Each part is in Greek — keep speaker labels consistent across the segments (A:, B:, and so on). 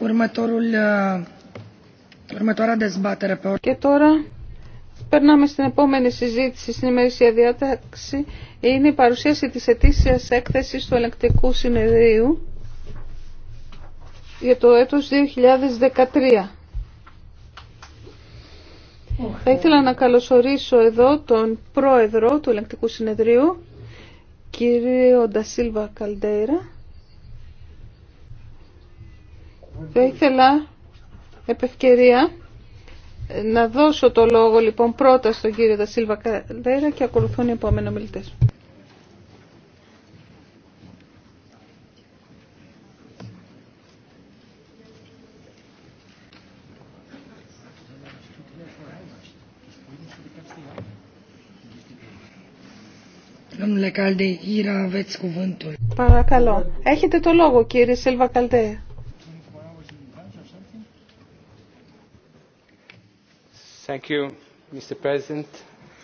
A: Uh, Και τώρα περνάμε στην επόμενη συζήτηση στην ημερήσια διάταξη. Είναι η παρουσίαση της ετήσιας έκθεσης του ελεκτικού συνεδρίου για το έτος 2013. Θα ήθελα να καλωσορίσω εδώ τον πρόεδρο του ελεγκτικού συνεδρίου, κύριο Ντασίλβα Καλντέιρα. Θα ήθελα επευκαιρία να δώσω το λόγο λοιπόν πρώτα στον κύριο Δασίλβα Καλδέρα και ακολουθούν οι επόμενοι μιλητές. Παρακαλώ. Έχετε το λόγο κύριε Σίλβα Καλδέρα.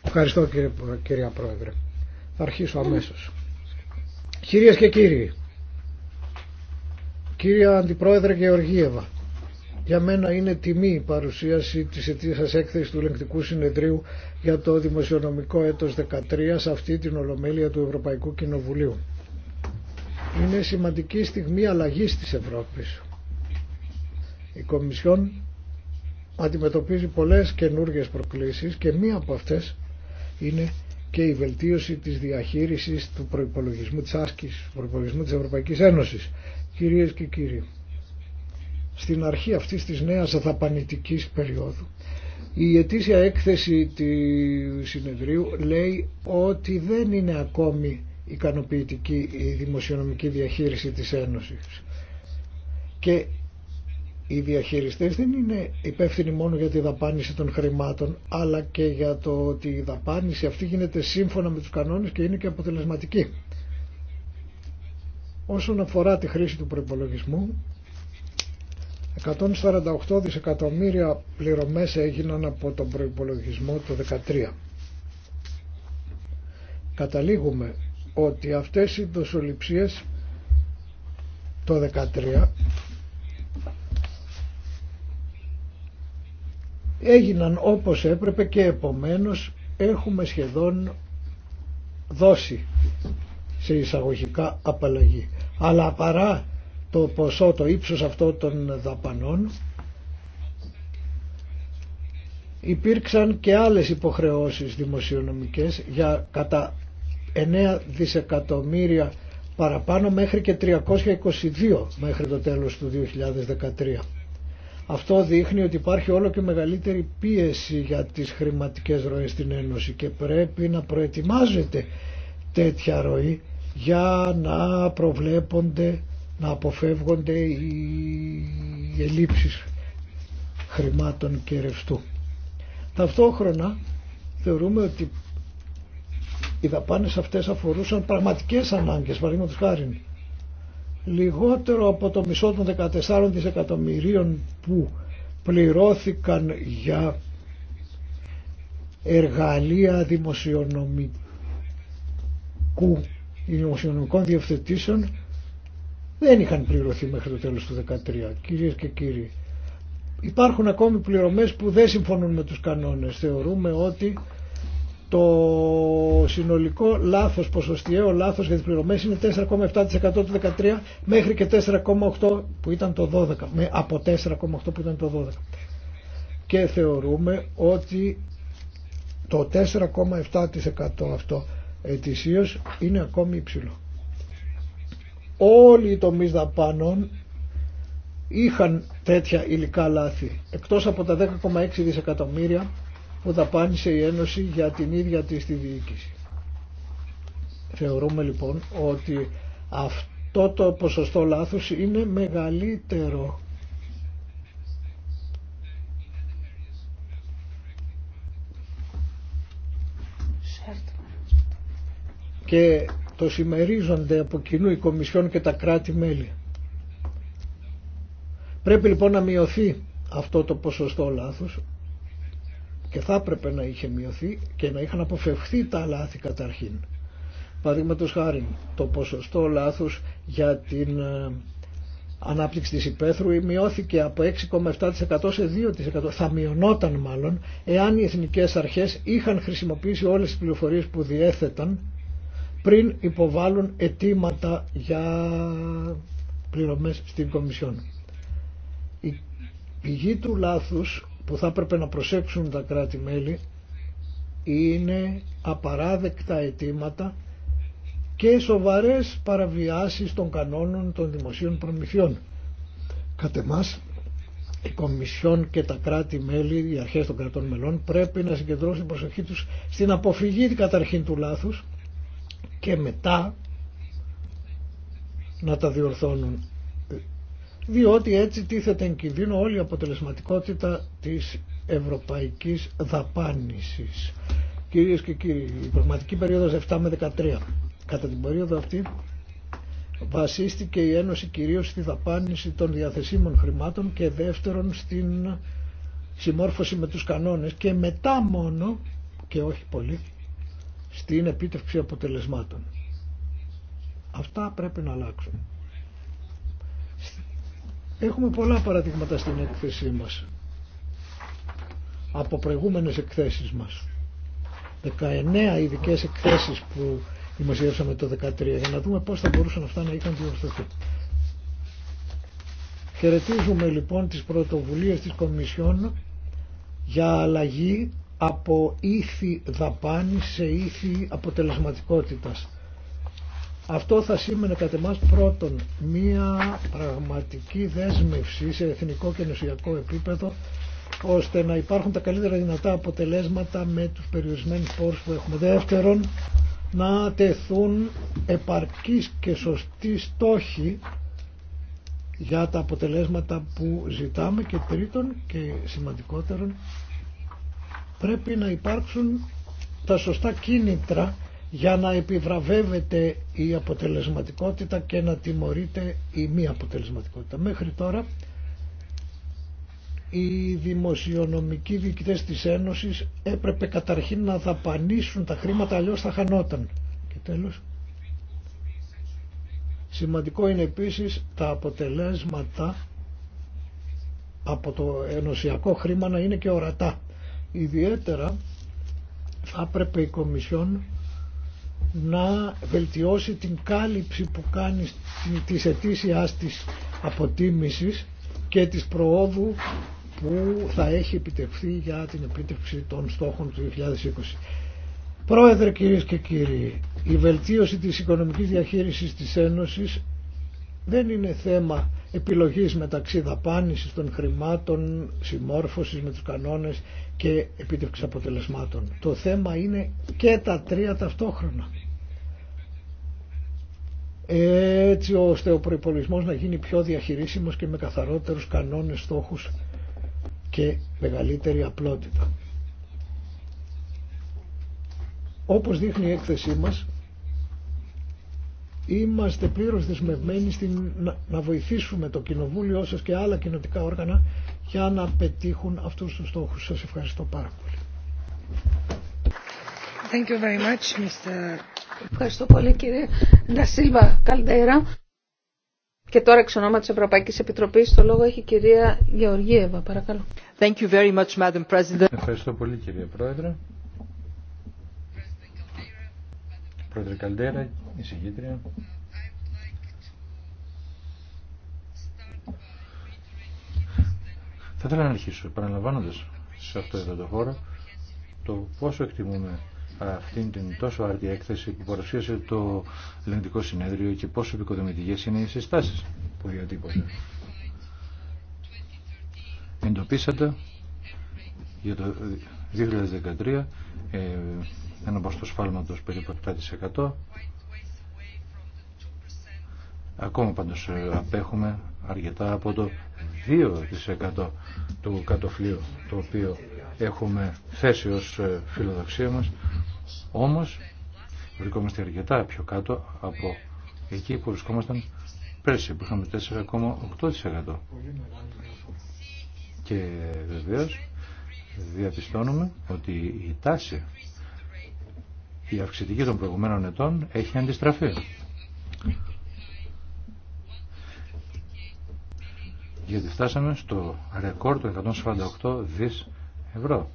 B: Ευχαριστώ κύριε, κυρία Πρόεδρε. Θα αρχίσω αμέσως. Κυρίες και κύριοι, κύρια Αντιπρόεδρε Γεωργίευα, για μένα είναι τιμή η παρουσίαση της σας έκθεσης του Ελεγκτικού Συνεδρίου για το δημοσιονομικό έτος 13 σε αυτή την Ολομέλεια του Ευρωπαϊκού Κοινοβουλίου. Είναι σημαντική στιγμή αλλαγής της Ευρώπης. Η Κομισιόν αντιμετωπίζει πολλές καινούργιες προκλήσεις και μία από αυτές είναι και η βελτίωση της διαχείρισης του προϋπολογισμού της άσκης του προϋπολογισμού της Ευρωπαϊκής Ένωσης. Κυρίες και κύριοι, στην αρχή αυτής της νέας αθαπανητικής περίοδου η ετήσια έκθεση του συνεδρίου λέει ότι δεν είναι ακόμη ικανοποιητική η δημοσιονομική διαχείριση της Ένωσης και οι διαχειριστές δεν είναι υπεύθυνοι μόνο για τη δαπάνηση των χρημάτων αλλά και για το ότι η δαπάνηση αυτή γίνεται σύμφωνα με τους κανόνες και είναι και αποτελεσματική. Όσον αφορά τη χρήση του προϋπολογισμού 148 δισεκατομμύρια πληρωμές έγιναν από τον προϋπολογισμό το 2013. Καταλήγουμε ότι αυτές οι δοσοληψίες το 2013 έγιναν όπως έπρεπε και επομένως έχουμε σχεδόν δώσει σε εισαγωγικά απαλλαγή. Αλλά παρά το ποσό, το ύψος αυτό των δαπανών υπήρξαν και άλλες υποχρεώσεις δημοσιονομικές για κατά 9 δισεκατομμύρια παραπάνω μέχρι και 322 μέχρι το τέλος του 2013. Αυτό δείχνει ότι υπάρχει όλο και μεγαλύτερη πίεση για τις χρηματικές ροές στην Ένωση και πρέπει να προετοιμάζεται τέτοια ροή για να προβλέπονται, να αποφεύγονται οι ελλείψεις χρημάτων και ρευστού. Ταυτόχρονα θεωρούμε ότι οι δαπάνες αυτές αφορούσαν πραγματικές ανάγκες, παραδείγματος χάρη λιγότερο από το μισό των 14 δισεκατομμυρίων που πληρώθηκαν για εργαλεία δημοσιονομικού δημοσιονομικών διευθετήσεων δεν είχαν πληρωθεί μέχρι το τέλος του 2013. Κυρίες και κύριοι, υπάρχουν ακόμη πληρωμές που δεν συμφωνούν με τους κανόνες. Θεωρούμε ότι το συνολικό λάθος, ποσοστιαίο λάθος για τις πληρωμές είναι 4,7% του 2013 μέχρι και 4,8% που ήταν το 12, με, από 4,8% που ήταν το 12. Και θεωρούμε ότι το 4,7% αυτό ετησίως είναι ακόμη υψηλό. Όλοι οι τομείς δαπάνων είχαν τέτοια υλικά λάθη, εκτός από τα 10,6 δισεκατομμύρια που δαπάνησε η Ένωση για την ίδια της τη διοίκηση. Θεωρούμε λοιπόν ότι αυτό το ποσοστό λάθους είναι μεγαλύτερο και το συμμερίζονται από κοινού οι Κομισιόν και τα κράτη-μέλη. Πρέπει λοιπόν να μειωθεί αυτό το ποσοστό λάθους και θα έπρεπε να είχε μειωθεί και να είχαν αποφευχθεί τα λάθη καταρχήν. Παραδείγματο χάρη το ποσοστό λάθους για την ε, ανάπτυξη της υπαίθρου μειώθηκε από 6,7% σε 2%. Θα μειωνόταν μάλλον εάν οι εθνικές αρχές είχαν χρησιμοποιήσει όλες τις πληροφορίες που διέθεταν πριν υποβάλουν αιτήματα για πληρωμές στην Κομισιόν. Η πηγή του λάθους που θα έπρεπε να προσέξουν τα κράτη-μέλη είναι απαράδεκτα αιτήματα και σοβαρές παραβιάσεις των κανόνων των δημοσίων προμηθειών. Κατ' εμάς, η Κομισιόν και τα κράτη-μέλη, οι αρχές των κρατών μελών, πρέπει να συγκεντρώσουν την προσοχή τους στην αποφυγή καταρχήν του λάθους και μετά να τα διορθώνουν διότι έτσι τίθεται εν κινδύνο όλη η αποτελεσματικότητα της ευρωπαϊκής δαπάνησης. Κυρίες και κύριοι, η πραγματική περίοδος 7 με 13. Κατά την περίοδο αυτή βασίστηκε η Ένωση κυρίως στη δαπάνηση των διαθεσίμων χρημάτων και δεύτερον στην συμμόρφωση με τους κανόνες και μετά μόνο, και όχι πολύ, στην επίτευξη αποτελεσμάτων. Αυτά πρέπει να αλλάξουν. Έχουμε πολλά παραδείγματα στην έκθεσή μας από προηγούμενες εκθέσεις μας. 19 ειδικέ εκθέσεις που δημοσιεύσαμε το 2013 για να δούμε πώς θα μπορούσαν αυτά να είχαν διορθωθεί. Χαιρετίζουμε λοιπόν τις πρωτοβουλίες της Κομισιόν για αλλαγή από ήθη δαπάνη σε ήθη αποτελεσματικότητας. Αυτό θα σήμαινε κατά εμάς πρώτον μία πραγματική δέσμευση σε εθνικό και νοσιακό επίπεδο ώστε να υπάρχουν τα καλύτερα δυνατά αποτελέσματα με τους περιορισμένους πόρους που έχουμε. Δεύτερον, να τεθούν επαρκείς και σωστοί στόχοι για τα αποτελέσματα που ζητάμε και τρίτον και σημαντικότερον πρέπει να υπάρξουν τα σωστά κίνητρα για να επιβραβεύεται η αποτελεσματικότητα και να τιμωρείται η μη αποτελεσματικότητα. Μέχρι τώρα οι δημοσιονομικοί διοικητές της Ένωσης έπρεπε καταρχήν να δαπανίσουν τα χρήματα αλλιώς θα χανόταν. Και τέλος. Σημαντικό είναι επίσης τα αποτελέσματα από το ενωσιακό χρήμα να είναι και ορατά. Ιδιαίτερα θα έπρεπε η Κομισιόν να βελτιώσει την κάλυψη που κάνει της ετήσιας της αποτίμησης και της προόδου που θα έχει επιτευχθεί για την επίτευξη των στόχων του 2020. Πρόεδρε κυρίες και κύριοι, η βελτίωση της οικονομικής διαχείρισης της Ένωσης δεν είναι θέμα επιλογής μεταξύ δαπάνησης των χρημάτων, συμμόρφωσης με τους κανόνες και επίτευξης αποτελεσμάτων. Το θέμα είναι και τα τρία ταυτόχρονα. Έτσι ώστε ο προπολογισμό να γίνει πιο διαχειρίσιμος και με καθαρότερους κανόνες, στόχους και μεγαλύτερη απλότητα. Όπως δείχνει η έκθεσή μας, Είμαστε πλήρως δεσμευμένοι στην, να, να βοηθήσουμε το Κοινοβούλιο όσο και άλλα κοινοτικά όργανα για να πετύχουν αυτούς τους στόχους. Σας ευχαριστώ
A: πάρα πολύ. Thank you very much, Mr. Ευχαριστώ πολύ κύριε Ντασίλβα Καλντέρα. Και τώρα εξ ονόματο Ευρωπαϊκή Επιτροπή, Επιτροπής το λόγο έχει η κυρία Γεωργίευα. Παρακαλώ. Thank you very much, Madam President.
C: Ευχαριστώ πολύ κύριε Πρόεδρε. Πρόεδρε Καλτέρα, εισηγήτρια. Θα ήθελα να αρχίσω επαναλαμβάνοντας σε αυτό εδώ το χώρο το πόσο εκτιμούμε αυτήν την τόσο άρτια έκθεση που παρουσίασε το Ελληνικό Συνέδριο και πόσο επικοδομητικές είναι οι συστάσεις που διατύπωσε. Εντοπίσατε για το 2013 ε, ένα ποστό σφάλματος περίπου 7%. Ακόμα πάντως ε, απέχουμε αρκετά από το 2% του κατοφλίου το οποίο έχουμε θέσει ως ε, φιλοδοξία μας όμως βρισκόμαστε αρκετά πιο κάτω από εκεί που βρισκόμασταν πέρσι που είχαμε 4,8% και βεβαίως διαπιστώνουμε ότι η τάση η αυξητική των προηγουμένων ετών έχει αντιστραφεί. Γιατί φτάσαμε στο ρεκόρ του 148 δις ευρώ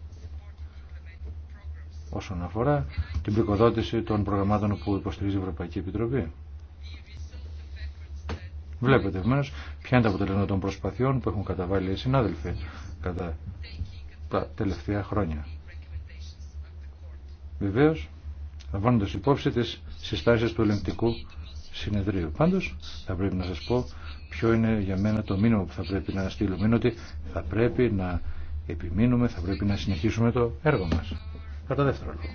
C: όσον αφορά την πρικοδότηση των προγραμμάτων που υποστηρίζει η Ευρωπαϊκή Επιτροπή. Βλέπετε ευμένως ποια είναι τα αποτελέσματα των προσπαθειών που έχουν καταβάλει οι συνάδελφοι κατά τα τελευταία χρόνια. Βεβαίως λαμβάνοντας υπόψη τι συστάσει του ελεγκτικού συνεδρίου. Πάντω θα πρέπει να σα πω ποιο είναι για μένα το μήνυμα που θα πρέπει να στείλουμε. Είναι ότι θα πρέπει να επιμείνουμε, θα πρέπει να συνεχίσουμε το έργο μας. Κατά δεύτερο λόγο.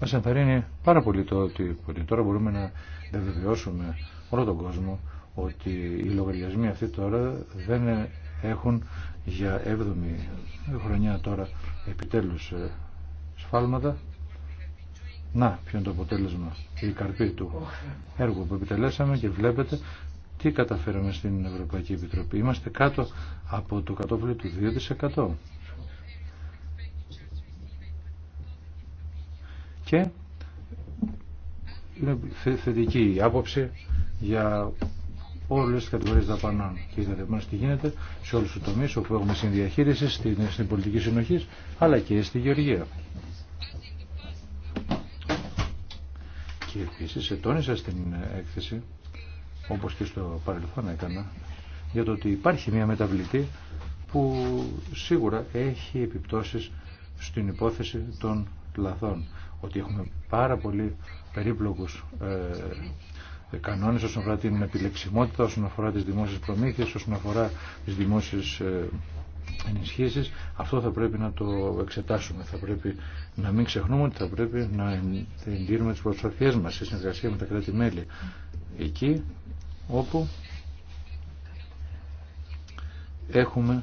C: Μα ενθαρρύνει πάρα πολύ το ότι, τώρα μπορούμε να βεβαιώσουμε όλο τον κόσμο ότι οι λογαριασμοί αυτοί τώρα δεν έχουν για 7η χρονιά τώρα επιτέλους ε, σφάλματα. Να, ποιο είναι το αποτέλεσμα, η καρπή του έργου που επιτελέσαμε και βλέπετε τι καταφέραμε στην Ευρωπαϊκή Επιτροπή. Είμαστε κάτω από το κατόφλι του 2%. Και θετική άποψη για όλε τι κατηγορίε δαπανών. Και είδατε μα τι γίνεται σε όλου του τομεί όπου έχουμε συνδιαχείριση στην, στην πολιτική συνοχή αλλά και στη γεωργία. Και επίση ετώνησα στην έκθεση, όπω και στο παρελθόν έκανα, για το ότι υπάρχει μια μεταβλητή που σίγουρα έχει επιπτώσει στην υπόθεση των λαθών. Ότι έχουμε πάρα πολύ περίπλοκους ε, ε, κανόνε όσον αφορά την επιλεξιμότητα, όσον αφορά τι δημόσιες προμήθειε, όσον αφορά τι δημόσιε ενισχύσει, Αυτό θα πρέπει να το εξετάσουμε. Θα πρέπει να μην ξεχνούμε ότι θα πρέπει να εντείνουμε τι προσπαθίε μας σε συνεργασία με τα κράτη-μέλη. Εκεί όπου έχουμε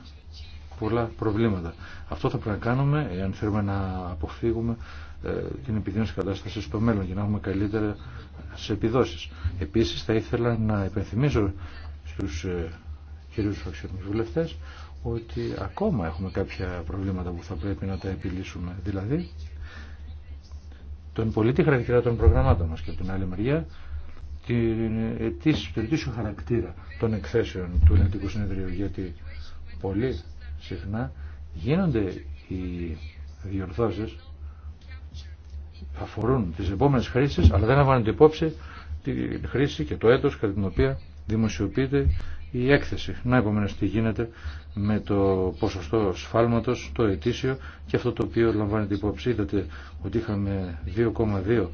C: πολλά προβλήματα. Αυτό θα πρέπει να κάνουμε εάν θέλουμε να αποφύγουμε ε, την επιδείνωση κατάσταση στο μέλλον για να έχουμε καλύτερα σε επιδόσεις. Επίσης θα ήθελα να υπενθυμίσω στους ε, κυρίους αξιωτικούς βουλευτές ότι ακόμα έχουμε κάποια προβλήματα που θα πρέπει να τα επιλύσουμε. Δηλαδή, τον πολίτη χαρακτήρα των προγραμμάτων μας και από την άλλη μεριά την ετήσιο χαρακτήρα των εκθέσεων του Ελληνικού Συνεδρίου γιατί πολύ συχνά γίνονται οι διορθώσεις αφορούν τις επόμενες χρήσει, αλλά δεν λαμβάνεται υπόψη τη χρήση και το έτος κατά την οποία δημοσιοποιείται η έκθεση. Να επομένω τι γίνεται με το ποσοστό σφάλματος, το ετήσιο και αυτό το οποίο λαμβάνεται υπόψη. Είδατε ότι είχαμε 2,2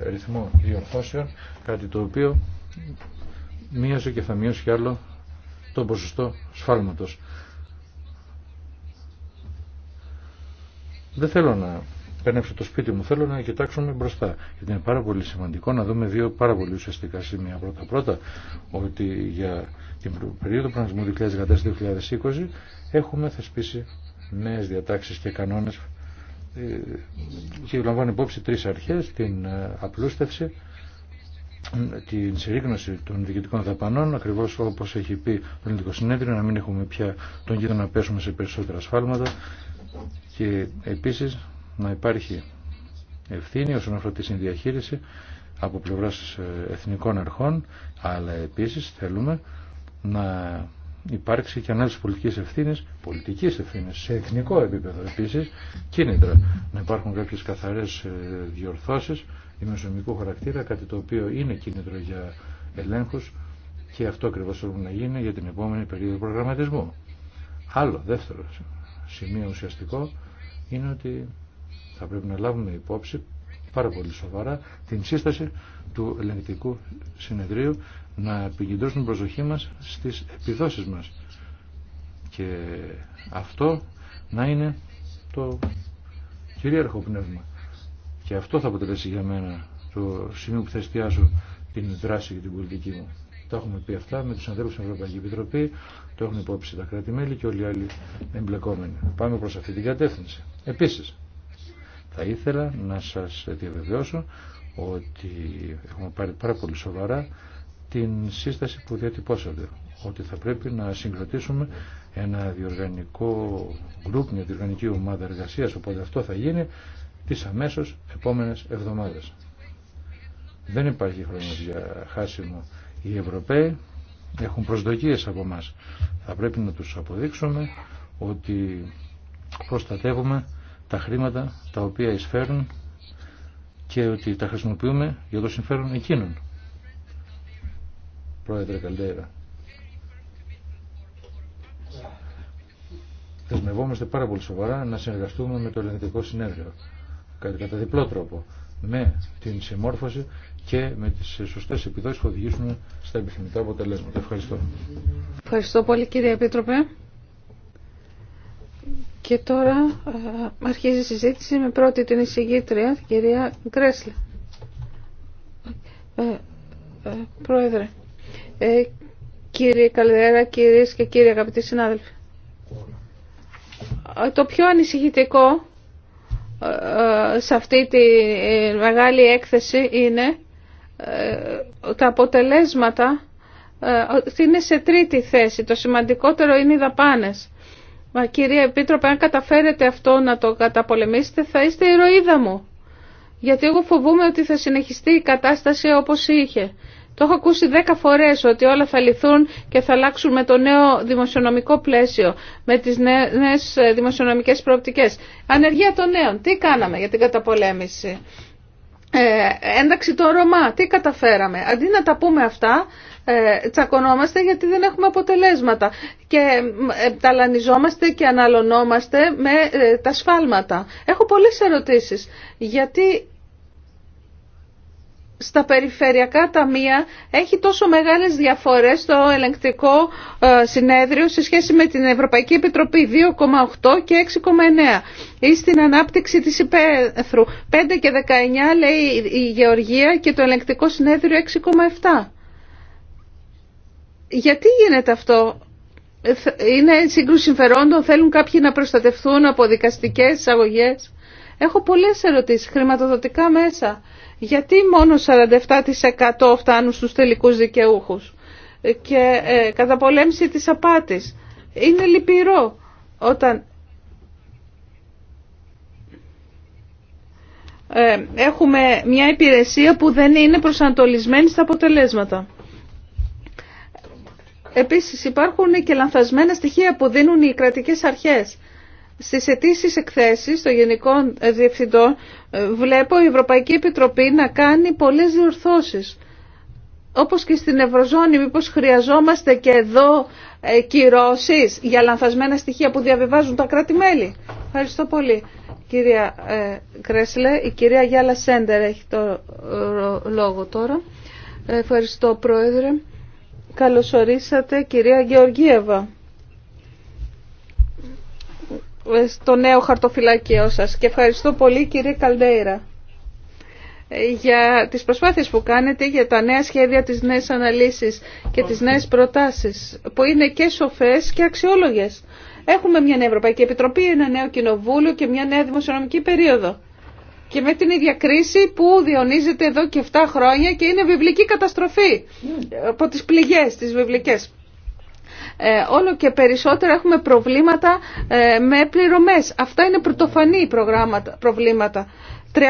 C: ε, ρυθμό διορθώσεων, κάτι το οποίο μείωσε και θα μειώσει κι άλλο το ποσοστό σφάλματος. Δεν θέλω να πένευσε το σπίτι μου. Θέλω να κοιτάξουμε μπροστά. Γιατί είναι πάρα πολύ σημαντικό να δούμε δύο πάρα πολύ ουσιαστικά σημεία. Πρώτα-πρώτα, ότι για την περίοδο προγραμματισμού 2014-2020 έχουμε θεσπίσει νέε διατάξει και κανόνε ε, και λαμβάνει υπόψη τρει αρχέ, την ε, απλούστευση, την συρρήγνωση των διοικητικών δαπανών, ακριβώ όπω έχει πει το Ελληνικό Συνέδριο, να μην έχουμε πια τον κίνδυνο να πέσουμε σε περισσότερα ασφάλματα και επίσης να υπάρχει ευθύνη όσον αφορά τη συνδιαχείριση από πλευράς εθνικών αρχών, αλλά επίσης θέλουμε να υπάρξει και ανάλυση πολιτικής ευθύνης, πολιτικής ευθύνης σε εθνικό επίπεδο επίσης, κίνητρα να υπάρχουν κάποιες καθαρές ε, διορθώσεις μεσομικού χαρακτήρα, κάτι το οποίο είναι κίνητρο για ελέγχους και αυτό ακριβώ θέλουμε να γίνει για την επόμενη περίοδο προγραμματισμού. Άλλο, δεύτερο σημείο ουσιαστικό είναι ότι θα πρέπει να λάβουμε υπόψη πάρα πολύ σοβαρά την σύσταση του ελεγκτικού συνεδρίου να επικεντρώσουμε την προσοχή μας στις επιδόσεις μας και αυτό να είναι το κυρίαρχο πνεύμα και αυτό θα αποτελέσει για μένα το σημείο που θα εστιάσω την δράση και την πολιτική μου. Τα έχουμε πει αυτά με τους ανθρώπους στην Ευρωπαϊκή Επιτροπή, το έχουν υπόψη τα κράτη-μέλη και όλοι οι άλλοι εμπλεκόμενοι. Πάμε προς αυτή την κατεύθυνση. Επίσης, θα ήθελα να σας διαβεβαιώσω ότι έχουμε πάρει πάρα πολύ σοβαρά την σύσταση που διατυπώσατε ότι θα πρέπει να συγκροτήσουμε ένα διοργανικό γκρουπ, μια διοργανική ομάδα εργασίας οπότε αυτό θα γίνει τις αμέσως επόμενες εβδομάδες. Δεν υπάρχει χρόνος για χάσιμο. Οι Ευρωπαίοι έχουν προσδοκίες από μας. Θα πρέπει να τους αποδείξουμε ότι προστατεύουμε τα χρήματα τα οποία εισφέρουν και ότι τα χρησιμοποιούμε για το συμφέρον εκείνων. Πρόεδρε Καλτέρα. θεσμευόμαστε πάρα πολύ σοβαρά να συνεργαστούμε με το Ελληνικό Συνέδριο κατά διπλό τρόπο με την συμμόρφωση και με τις σωστές επιδόσεις που οδηγήσουν στα επιθυμητά αποτελέσματα. Ευχαριστώ.
A: Ευχαριστώ πολύ κύριε Επίτροπε. Και τώρα ε, αρχίζει η συζήτηση με πρώτη την εισηγήτρια, κυρία Γκρέσλε. Ε, ε, πρόεδρε, κύριε Καλδέρα, κυρίες και κύριοι αγαπητοί συνάδελφοι. Το πιο ανησυχητικό σε αυτή τη μεγάλη έκθεση είναι τα αποτελέσματα είναι σε τρίτη θέση. Το σημαντικότερο είναι οι δαπάνες. Μα κυρία Επίτροπε, αν καταφέρετε αυτό να το καταπολεμήσετε θα είστε ηρωίδα μου. Γιατί εγώ φοβούμαι ότι θα συνεχιστεί η κατάσταση όπως είχε. Το έχω ακούσει δέκα φορές ότι όλα θα λυθούν και θα αλλάξουν με το νέο δημοσιονομικό πλαίσιο, με τις νέες ε, δημοσιονομικές προοπτικές. Ανεργία των νέων, τι κάναμε για την καταπολέμηση. Ε, ένταξη των Ρωμά, τι καταφέραμε. Αντί να τα πούμε αυτά, ε, τσακωνόμαστε γιατί δεν έχουμε αποτελέσματα και ε, ταλανιζόμαστε και αναλωνόμαστε με ε, τα σφάλματα. Έχω πολλές ερωτήσεις. Γιατί στα περιφερειακά ταμεία έχει τόσο μεγάλες διαφορές το ελεγκτικό συνέδριο σε σχέση με την Ευρωπαϊκή Επιτροπή 2,8 και 6,9 ή στην ανάπτυξη της υπαίθρου 5 και 19 λέει η Γεωργία και το ελεγκτικό συνέδριο 6,7. Γιατί γίνεται αυτό. Είναι σύγκρουση συμφερόντων, θέλουν κάποιοι να προστατευτούν από δικαστικές εισαγωγές. Έχω πολλές ερωτήσεις, χρηματοδοτικά μέσα. Γιατί μόνο 47% φτάνουν στους τελικούς δικαιούχους και ε, καταπολέμηση της απάτης. Είναι λυπηρό όταν ε, έχουμε μια υπηρεσία που δεν είναι προσανατολισμένη στα αποτελέσματα. Επίσης υπάρχουν και λανθασμένα στοιχεία που δίνουν οι κρατικές αρχές. Στις αιτήσει εκθέσεις των Γενικών Διευθυντών ε, βλέπω η Ευρωπαϊκή Επιτροπή να κάνει πολλές διορθώσεις. Όπως και στην Ευρωζώνη, μήπως χρειαζόμαστε και εδώ ε, κυρώσεις για λανθασμένα στοιχεία που διαβιβάζουν τα κράτη-μέλη. Ευχαριστώ πολύ. Κυρία ε, Κρέσλε, η κυρία Γιάλα Σέντερ έχει το λόγο τώρα. Ευχαριστώ, Πρόεδρε. Καλωσορίσατε κυρία Γεωργίευα ε, στο νέο χαρτοφυλάκιό σας και ευχαριστώ πολύ κύριε Καλδειρα ε, για τις προσπάθειες που κάνετε για τα νέα σχέδια, τις νέες αναλύσεις και τις νέες προτάσεις που είναι και σοφές και αξιόλογες. Έχουμε μια νέα Ευρωπαϊκή Επιτροπή, ένα νέο κοινοβούλιο και μια νέα δημοσιονομική περίοδο και με την ίδια κρίση που διονύζεται εδώ και 7 χρόνια και είναι βιβλική καταστροφή ναι. από τις πληγές, τις βιβλικές. Ε, όλο και περισσότερα έχουμε προβλήματα ε, με πληρωμές. Αυτά είναι πρωτοφανή προβλήματα. 300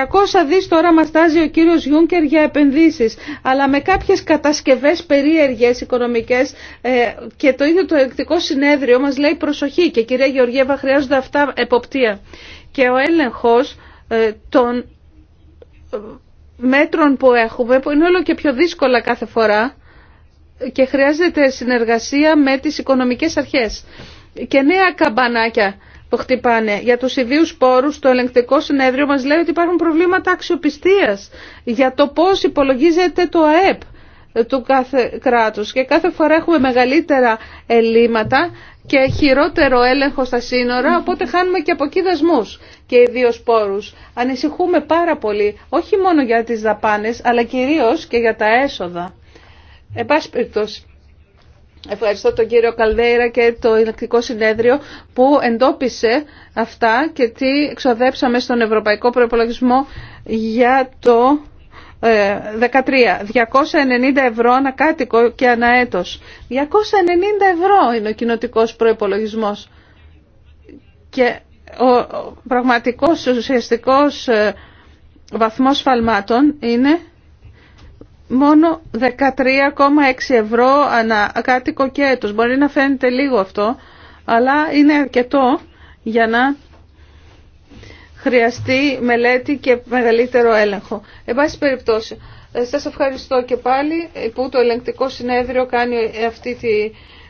A: δις τώρα μας τάζει ο κύριος Γιούνκερ για επενδύσεις, αλλά με κάποιες κατασκευές περίεργες οικονομικές ε, και το ίδιο το ελεκτικό συνέδριο μας λέει προσοχή και κυρία Γεωργέβα χρειάζονται αυτά εποπτεία. Και ο έλεγχος ε, των ε, μέτρων που έχουμε, που είναι όλο και πιο δύσκολα κάθε φορά και χρειάζεται συνεργασία με τις οικονομικές αρχές. Και νέα καμπανάκια που χτυπάνε για τους ιδίους πόρους, το ελεγκτικό συνέδριο μας λέει ότι υπάρχουν προβλήματα αξιοπιστίας για το πώς υπολογίζεται το ΑΕΠ του κάθε κράτους και κάθε φορά έχουμε μεγαλύτερα ελλείμματα και χειρότερο έλεγχο στα σύνορα, οπότε χάνουμε και από και ιδίω πόρους. Ανησυχούμε πάρα πολύ, όχι μόνο για τις δαπάνε, αλλά κυρίως και για τα έσοδα. Εν ευχαριστώ τον κύριο Καλδέιρα και το ηλεκτρικό συνέδριο που εντόπισε αυτά και τι εξοδέψαμε στον Ευρωπαϊκό Προπολογισμό για το 290 ε, ευρώ ανακάτοικο και αναέτος. 290 ευρώ είναι ο κοινοτικός προϋπολογισμός. Και ο πραγματικός ουσιαστικός ε, βαθμός φαλμάτων είναι μόνο 13,6 ευρώ ανακάτοικο και έτος. Μπορεί να φαίνεται λίγο αυτό, αλλά είναι αρκετό για να χρειαστεί μελέτη και μεγαλύτερο έλεγχο. Εν πάση περιπτώσει, ε, σας ευχαριστώ και πάλι που το ελεγκτικό συνέδριο κάνει αυτή τη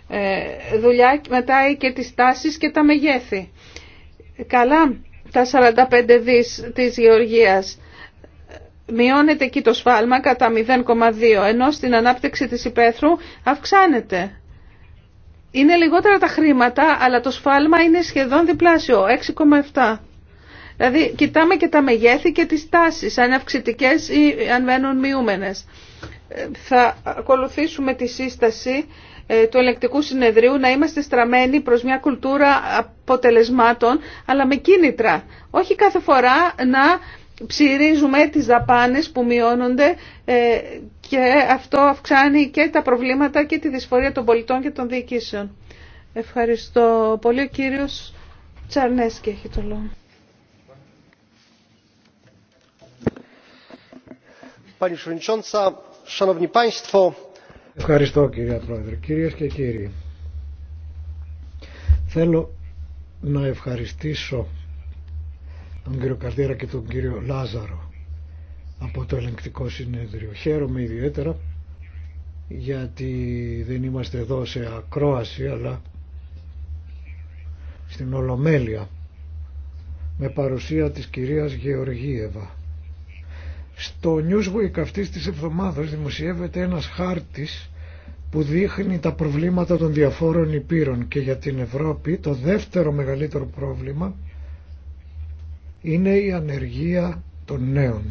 A: ε, δουλειά και μετά και τις τάσεις και τα μεγέθη. Καλά, τα 45 δις της Γεωργίας ε, μειώνεται εκεί το σφάλμα κατά 0,2 ενώ στην ανάπτυξη της υπαίθρου αυξάνεται. Είναι λιγότερα τα χρήματα αλλά το σφάλμα είναι σχεδόν διπλάσιο, 6,7. Δηλαδή κοιτάμε και τα μεγέθη και τις τάσεις, αν αυξητικές ή αν μένουν μειούμενες. Ε, θα ακολουθήσουμε τη σύσταση ε, του ελεκτικού συνεδρίου να είμαστε στραμμένοι προς μια κουλτούρα αποτελεσμάτων, αλλά με κίνητρα. Όχι κάθε φορά να ψηρίζουμε τις δαπάνες που μειώνονται ε, και αυτό αυξάνει και τα προβλήματα και τη δυσφορία των πολιτών και των διοικήσεων. Ευχαριστώ πολύ. Ο κύριος Τσαρνέσκη έχει το λόγο.
B: Ευχαριστώ κυρία Πρόεδρε. Κυρίες και κύριοι, θέλω να ευχαριστήσω τον κύριο Καρδίρα και τον κύριο Λάζαρο από το ελεγκτικό συνέδριο. Χαίρομαι ιδιαίτερα γιατί δεν είμαστε εδώ σε ακρόαση αλλά στην Ολομέλεια με παρουσία της κυρίας Γεωργίευα στο Newsweek αυτής της εβδομάδας δημοσιεύεται ένας χάρτης που δείχνει τα προβλήματα των διαφόρων υπήρων και για την Ευρώπη το δεύτερο μεγαλύτερο πρόβλημα είναι η ανεργία των νέων.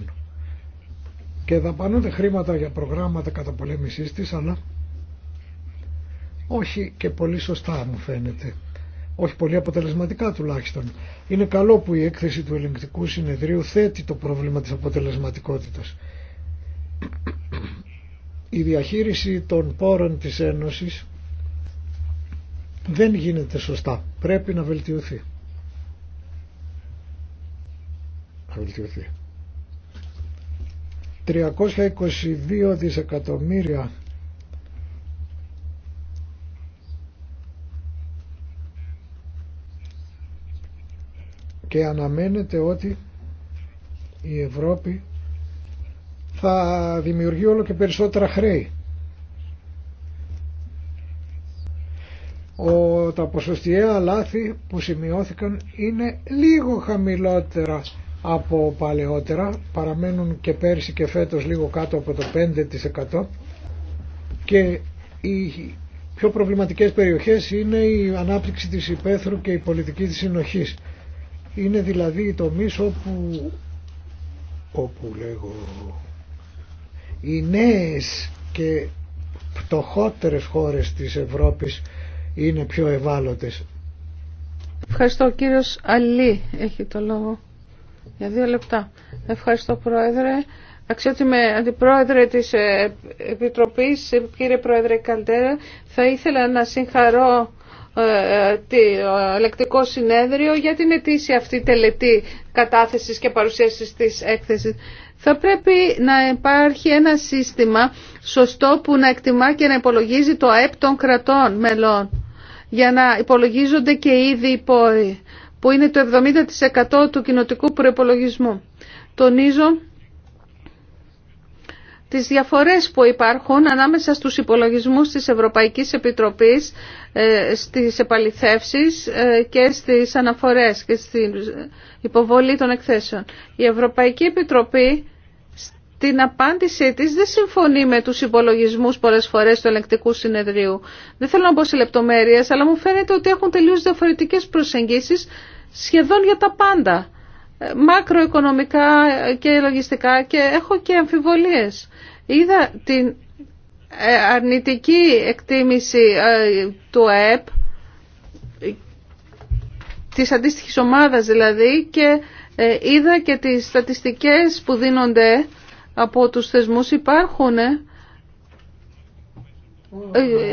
B: Και δαπανούνται χρήματα για προγράμματα καταπολέμησής της, αλλά όχι και πολύ σωστά μου φαίνεται όχι πολύ αποτελεσματικά τουλάχιστον. Είναι καλό που η έκθεση του ελεγκτικού συνεδρίου θέτει το πρόβλημα της αποτελεσματικότητας. Η διαχείριση των πόρων της Ένωσης δεν γίνεται σωστά. Πρέπει να βελτιωθεί. Να βελτιωθεί. 322 δισεκατομμύρια και αναμένεται ότι η Ευρώπη θα δημιουργεί όλο και περισσότερα χρέη. Ο, τα ποσοστιαία λάθη που σημειώθηκαν είναι λίγο χαμηλότερα από παλαιότερα, παραμένουν και πέρσι και φέτος λίγο κάτω από το 5% και οι πιο προβληματικές περιοχές είναι η ανάπτυξη της υπαίθρου και η πολιτική της συνοχής είναι δηλαδή οι τομείς όπου, όπου λέγω, οι νέες και πτωχότερες χώρες της Ευρώπης είναι πιο ευάλωτες.
A: Ευχαριστώ. κύριος Αλή έχει το λόγο για δύο λεπτά. Ευχαριστώ Πρόεδρε. Αξιότιμε Αντιπρόεδρε της ε, Επιτροπής, κύριε Πρόεδρε Καλτέρα, θα ήθελα να συγχαρώ το ε, ελεκτικό ε, συνέδριο για την ετήσια αυτή τελετή κατάθεσης και παρουσίασης της έκθεσης. Θα πρέπει να υπάρχει ένα σύστημα σωστό που να εκτιμά και να υπολογίζει το ΑΕΠ των κρατών μελών για να υπολογίζονται και ήδη οι πόροι που είναι το 70% του κοινοτικού προϋπολογισμού. Τονίζω τις διαφορές που υπάρχουν ανάμεσα στους υπολογισμούς της Ευρωπαϊκής Επιτροπής ε, στις επαληθεύσεις ε, και στις αναφορές και στην υποβολή των εκθέσεων. Η Ευρωπαϊκή Επιτροπή στην απάντησή της δεν συμφωνεί με τους υπολογισμούς πολλές φορές του ελεκτικού συνεδρίου. Δεν θέλω να πω σε λεπτομέρειες, αλλά μου φαίνεται ότι έχουν τελείως διαφορετικές προσεγγίσεις σχεδόν για τα πάντα. Ε, μακροοικονομικά και λογιστικά και έχω και αμφιβολίες. Είδα την ε, αρνητική εκτίμηση ε, του ΑΕΠ, της αντίστοιχης ομάδας δηλαδή και ε, είδα και τις στατιστικές που δίνονται από τους θεσμούς υπάρχουν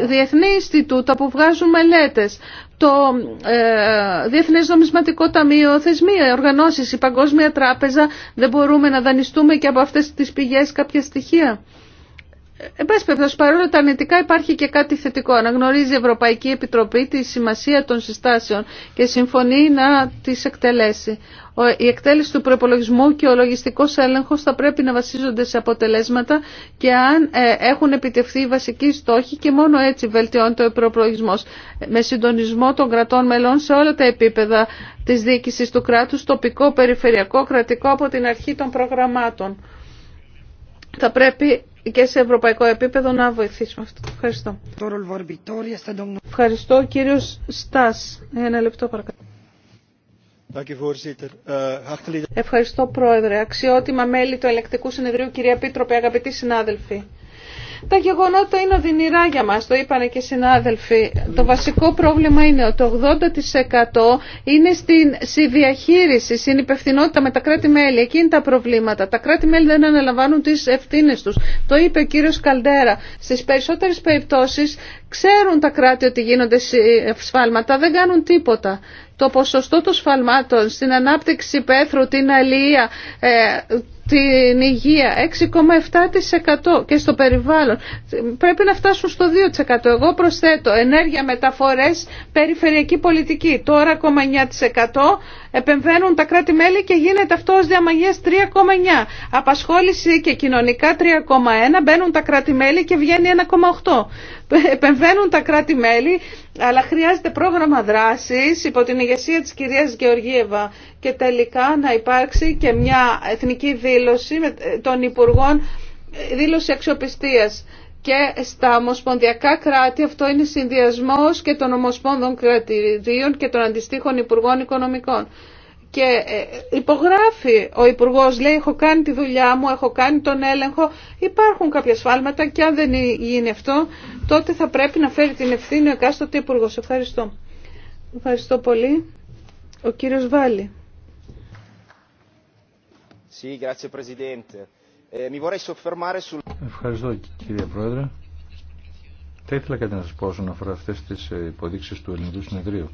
A: διεθνή Ινστιτούτα που βγάζουν μελέτες το ε, Διεθνές Νομισματικό Ταμείο, θεσμία, ε, οργανώσεις, η Παγκόσμια Τράπεζα, δεν μπορούμε να δανειστούμε και από αυτές τις πηγές κάποια στοιχεία. Εν πάση περιπτώσει, τα αρνητικά υπάρχει και κάτι θετικό. Αναγνωρίζει η Ευρωπαϊκή Επιτροπή τη σημασία των συστάσεων και συμφωνεί να τι εκτελέσει. Η εκτέλεση του προπολογισμού και ο λογιστικό έλεγχο θα πρέπει να βασίζονται σε αποτελέσματα και αν ε, έχουν επιτευχθεί οι βασικοί στόχοι και μόνο έτσι βελτιώνεται ο προπολογισμό. Με συντονισμό των κρατών μελών σε όλα τα επίπεδα τη διοίκηση του κράτου, τοπικό, περιφερειακό, κρατικό από την αρχή των προγραμμάτων. Θα πρέπει και σε ευρωπαϊκό επίπεδο να βοηθήσουμε αυτό. Ευχαριστώ. Ευχαριστώ κύριος Στάς. Ένα λεπτό παρακαλώ. Ευχαριστώ Πρόεδρε. Αξιότιμα μέλη του Ελεκτικού Συνεδρίου, κυρία Πίτροπε, αγαπητοί συνάδελφοι. Τα γεγονότα είναι οδυνηρά για μας, το είπανε και οι συνάδελφοι. Το βασικό πρόβλημα είναι ότι το 80% είναι στην συνδιαχείριση, στην υπευθυνότητα με τα κράτη-μέλη. Εκεί είναι τα προβλήματα. Τα κράτη-μέλη δεν αναλαμβάνουν τις ευθύνες τους. Το είπε ο κύριος Καλντέρα. Στις περισσότερες περιπτώσεις ξέρουν τα κράτη ότι γίνονται σφάλματα, δεν κάνουν τίποτα. Το ποσοστό των σφαλμάτων στην ανάπτυξη πέθρου, την αλληλεία, ε, στην υγεία 6,7% και στο περιβάλλον. Πρέπει να φτάσουν στο 2%. Εγώ προσθέτω ενέργεια, μεταφορές, περιφερειακή πολιτική. Τώρα 9% επεμβαίνουν τα κράτη-μέλη και γίνεται αυτό ως διαμαγείας 3,9. Απασχόληση και κοινωνικά 3,1 μπαίνουν τα κράτη-μέλη και βγαίνει 1,8. Επεμβαίνουν τα κράτη-μέλη αλλά χρειάζεται πρόγραμμα δράσης υπό την ηγεσία της κυρίας Γεωργίευα και τελικά να υπάρξει και μια εθνική δήλωση ε, των Υπουργών ε, δήλωση αξιοπιστίας και στα ομοσπονδιακά κράτη αυτό είναι συνδυασμός και των ομοσπονδων κρατηρίων και των αντιστοίχων υπουργών οικονομικών. Και ε, υπογράφει ο υπουργό, λέει έχω κάνει τη δουλειά μου, έχω κάνει τον έλεγχο, υπάρχουν κάποια σφάλματα και αν δεν γίνει αυτό τότε θα πρέπει να φέρει την ευθύνη ο εκάστοτε υπουργό. Ευχαριστώ. Ευχαριστώ πολύ. Ο κύριος Βάλλη. Sì, grazie Presidente. Ε,
C: Ευχαριστώ κύριε Πρόεδρε. Θα ήθελα κάτι να σας πω όσον αφορά αυτές τις ε, υποδείξεις του Ελληνικού Συνεδρίου.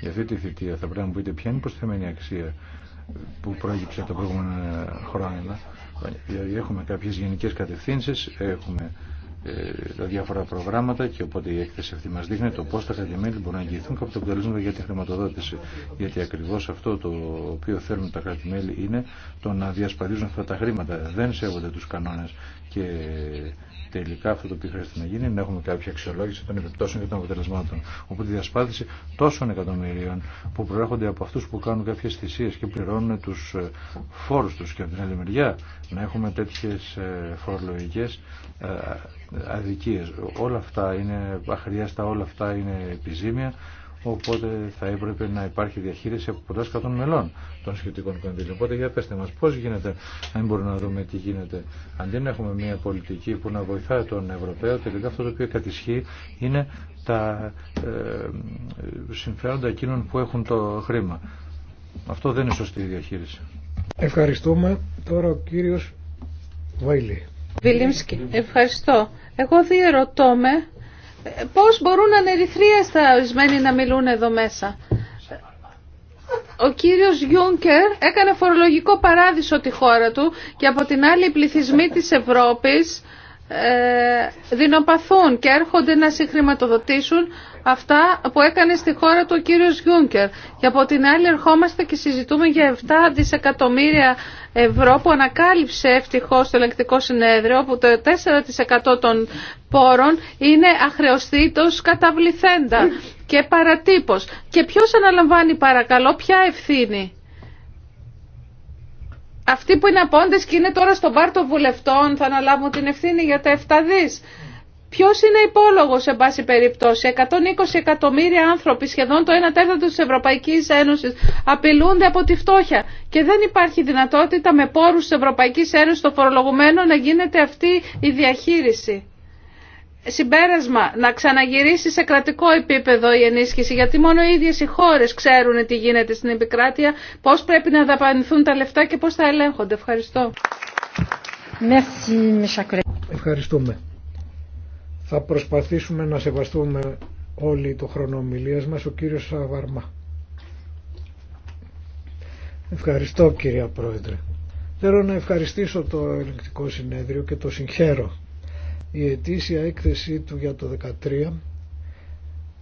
C: Για αυτή τη θητεία θα πρέπει να μου πείτε ποια είναι η προσθεμένη αξία που πρόκειται από τα προηγούμενα χρόνια. Ε, έχουμε κάποιες γενικές κατευθύνσεις, έχουμε ε, τα διάφορα προγράμματα και οπότε η έκθεση αυτή μας δείχνει το πώς τα κρατημέλη μπορούν να εγγυηθούν και αποτελέσματα για τη χρηματοδότηση. Γιατί ακριβώς αυτό το οποίο θέλουν τα κρατημέλη είναι το να διασπαρίζουν αυτά τα χρήματα. Δεν σέβονται τους κανόνες και τελικά αυτό το οποίο χρειάζεται να γίνει είναι να έχουμε κάποια αξιολόγηση των επιπτώσεων και των αποτελεσμάτων. Οπότε η διασπάθηση τόσων εκατομμυρίων που προέρχονται από αυτού που κάνουν κάποιε θυσίε και πληρώνουν του ε, φόρου του και από την άλλη μεριά να έχουμε τέτοιε φορολογικέ ε, αδικίες. Όλα αυτά είναι αχρίαστα, όλα αυτά είναι επιζήμια Οπότε θα έπρεπε να υπάρχει διαχείριση από πολλά μελών των σχετικών κονδύλων. Οπότε για πετε μας, πώς γίνεται, αν μπορούμε να δούμε τι γίνεται, αντί να έχουμε μια πολιτική που να βοηθάει τον Ευρωπαίο, τελικά αυτό το οποίο κατησχεί είναι τα ε, συμφέροντα εκείνων που έχουν το χρήμα. Αυτό δεν είναι σωστή διαχείριση.
B: Ευχαριστούμε. Τώρα ο κύριος Βαϊλή.
A: Βιλίμσκι, ευχαριστώ. Εγώ διερωτώ με Πώς μπορούν ανερυθρίαστα ορισμένοι να μιλούν εδώ μέσα. Ο κύριος Γιούνκερ έκανε φορολογικό παράδεισο τη χώρα του και από την άλλη οι πληθυσμοί της Ευρώπης ε, δυνοπαθούν και έρχονται να συγχρηματοδοτήσουν αυτά που έκανε στη χώρα του ο κύριος Γιούνκερ. Και από την άλλη ερχόμαστε και συζητούμε για 7 δισεκατομμύρια ευρώ που ανακάλυψε ευτυχώ το ελεκτικό συνέδριο, που το 4% των πόρων είναι αχρεωστήτως καταβληθέντα και παρατύπως. Και ποιος αναλαμβάνει παρακαλώ ποια ευθύνη αυτοί που είναι απόντες και είναι τώρα στον πάρτο βουλευτών θα αναλάβουν την ευθύνη για τα 7 Ποιος είναι υπόλογο σε πάση περιπτώσει. 120 εκατομμύρια άνθρωποι, σχεδόν το 1 τέταρτο τη Ευρωπαϊκής Ένωσης, απειλούνται από τη φτώχεια. Και δεν υπάρχει δυνατότητα με πόρους τη Ευρωπαϊκής Ένωσης των φορολογουμένων να γίνεται αυτή η διαχείριση συμπέρασμα να ξαναγυρίσει σε κρατικό επίπεδο η ενίσχυση γιατί μόνο οι ίδιες οι χώρες ξέρουν τι γίνεται στην επικράτεια, πώς πρέπει να δαπανηθούν τα λεφτά και πώς θα ελέγχονται. Ευχαριστώ.
B: Ευχαριστούμε. Θα προσπαθήσουμε να σεβαστούμε όλοι το χρόνο ομιλίας μας, ο κύριος Σαβαρμά. Ευχαριστώ κυρία Πρόεδρε. Θέλω να ευχαριστήσω το ελεγκτικό συνέδριο και το συγχαίρω η ετήσια έκθεσή του για το 2013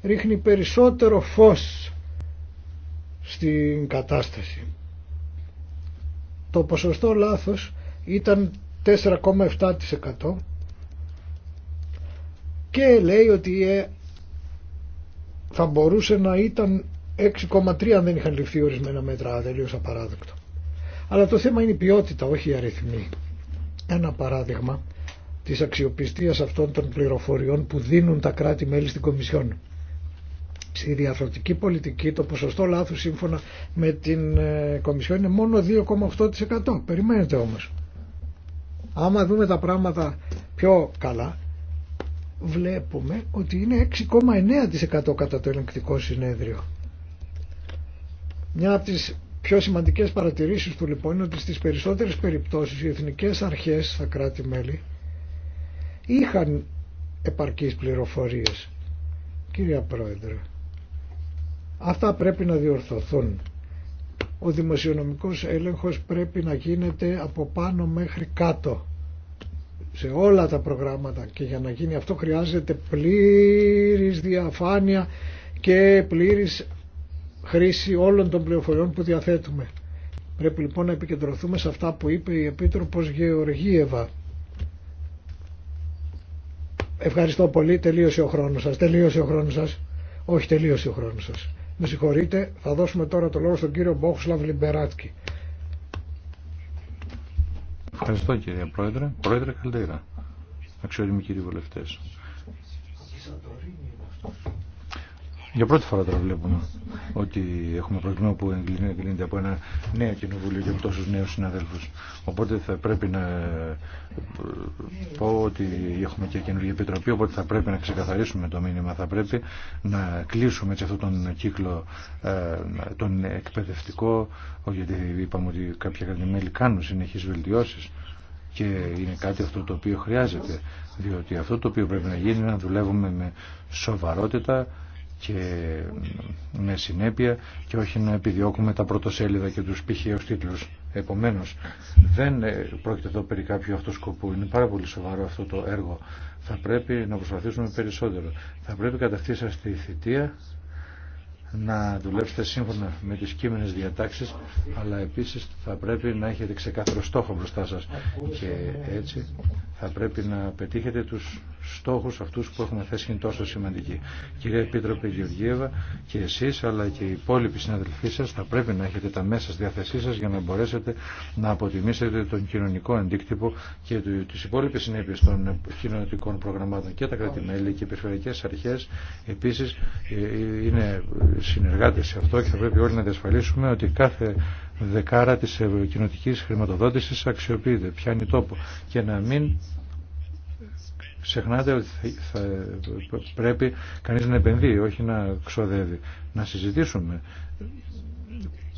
B: ρίχνει περισσότερο φως στην κατάσταση. Το ποσοστό λάθος ήταν 4,7% και λέει ότι ε, θα μπορούσε να ήταν 6,3 αν δεν είχαν ληφθεί ορισμένα μέτρα, τελείως απαράδεκτο. Αλλά το θέμα είναι η ποιότητα, όχι η αριθμή. Ένα παράδειγμα της αξιοπιστίας αυτών των πληροφοριών που δίνουν τα κράτη-μέλη στην Κομισιόν. Στη διαθροτική πολιτική το ποσοστό λάθους σύμφωνα με την ε, Κομισιόν είναι μόνο 2,8%. Περιμένετε όμως. Άμα δούμε τα πράγματα πιο καλά βλέπουμε ότι είναι 6,9% κατά το ελεγκτικό συνέδριο. Μια από τις πιο σημαντικές παρατηρήσεις του λοιπόν είναι ότι στις περισσότερες περιπτώσεις οι εθνικές αρχές στα κράτη-μέλη είχαν επαρκείς πληροφορίες. Κύριε Πρόεδρε, αυτά πρέπει να διορθωθούν. Ο δημοσιονομικός έλεγχος πρέπει να γίνεται από πάνω μέχρι κάτω σε όλα τα προγράμματα και για να γίνει αυτό χρειάζεται πλήρης διαφάνεια και πλήρης χρήση όλων των πληροφοριών που διαθέτουμε. Πρέπει λοιπόν να επικεντρωθούμε σε αυτά που είπε η Επίτροπος Γεωργίευα Ευχαριστώ πολύ. Τελείωσε ο χρόνος σας. Τελείωσε ο χρόνος σας. Όχι, τελείωσε ο χρόνος σας. Με συγχωρείτε. Θα δώσουμε τώρα το λόγο στον κύριο Μπόχουσλαβ Λιμπεράτσκι.
C: Ευχαριστώ κύριε Πρόεδρε. Πρόεδρε Καλτέρα. Αξιότιμοι κύριοι βουλευτέ. Για πρώτη φορά τώρα βλέπουμε ότι έχουμε πρόβλημα που εγκλίνεται από ένα νέο κοινοβούλιο και από τόσους νέους συναδέλφους. Οπότε θα πρέπει να ε, πω ότι έχουμε και καινούργια επιτροπή, οπότε θα πρέπει να ξεκαθαρίσουμε το μήνυμα, θα πρέπει να κλείσουμε έτσι αυτόν τον κύκλο ε, τον εκπαιδευτικό, γιατί είπαμε ότι κάποια μέλη κάνουν συνεχείς βελτιώσεις και είναι κάτι αυτό το οποίο χρειάζεται διότι αυτό το οποίο πρέπει να γίνει είναι να δουλεύουμε με σοβαρότητα και με συνέπεια και όχι να επιδιώκουμε τα πρωτοσέλιδα και τους πηχαίους τίτλους. Επομένως, δεν ε, πρόκειται εδώ περί κάποιου αυτού σκοπού. Είναι πάρα πολύ σοβαρό αυτό το έργο. Θα πρέπει να προσπαθήσουμε περισσότερο. Θα πρέπει κατά αυτή θητεία να δουλέψετε σύμφωνα με τις κείμενες διατάξεις, αλλά επίσης θα πρέπει να έχετε ξεκάθαρο στόχο μπροστά σας. Και έτσι θα πρέπει να πετύχετε τους στόχους αυτούς που έχουμε θέσει είναι τόσο σημαντικοί. Κυρία Επίτροπε Γεωργίευα και εσείς αλλά και οι υπόλοιποι συναδελφοί σας θα πρέπει να έχετε τα μέσα στη διάθεσή σας για να μπορέσετε να αποτιμήσετε τον κοινωνικό αντίκτυπο και τις υπόλοιπες συνέπειες των κοινωνικών προγραμμάτων και τα κρατημέλη και οι περιφερειακές αρχές επίσης ε, ε, είναι συνεργάτες σε αυτό και θα πρέπει όλοι να διασφαλίσουμε ότι κάθε δεκάρα της κοινοτικής χρηματοδότησης αξιοποιείται, πιάνει τόπο και να μην ξεχνάτε ότι πρέπει κανείς να επενδύει, όχι να ξοδεύει. Να συζητήσουμε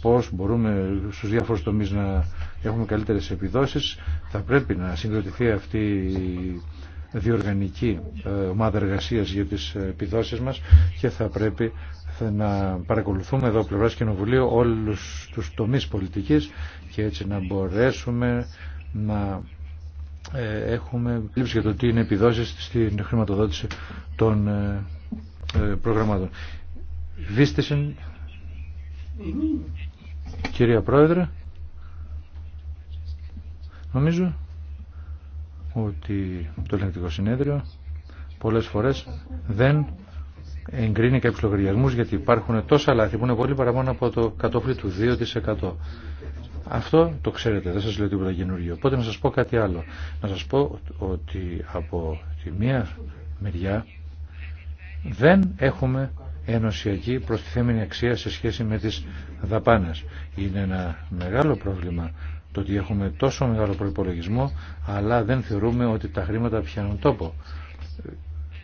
C: πώς μπορούμε στους διάφορους τομείς να έχουμε καλύτερες επιδόσεις. Θα πρέπει να συγκροτηθεί αυτή η διοργανική ε, ομάδα εργασίας για τις επιδόσεις μας και θα πρέπει να παρακολουθούμε εδώ πλευράς Κοινοβουλίου όλους τους τομείς πολιτικής και έτσι να μπορέσουμε να ε, έχουμε λήψη για το τι είναι επιδόσεις στην χρηματοδότηση των ε, ε, προγραμμάτων. Βίστησεν, κυρία Πρόεδρε, νομίζω ότι το Ελληνικό συνέδριο πολλές φορές δεν εγκρίνει κάποιου λογαριασμού γιατί υπάρχουν τόσα λάθη που είναι πολύ παραπάνω από το κατόφλι του 2%. Αυτό το ξέρετε, δεν σας λέω τίποτα καινούργιο. Οπότε να σας πω κάτι άλλο. Να σας πω ότι από τη μία μεριά δεν έχουμε ενωσιακή προστιθέμενη αξία σε σχέση με τις δαπάνες. Είναι ένα μεγάλο πρόβλημα το ότι έχουμε τόσο μεγάλο προϋπολογισμό αλλά δεν θεωρούμε ότι τα χρήματα πιάνουν τόπο.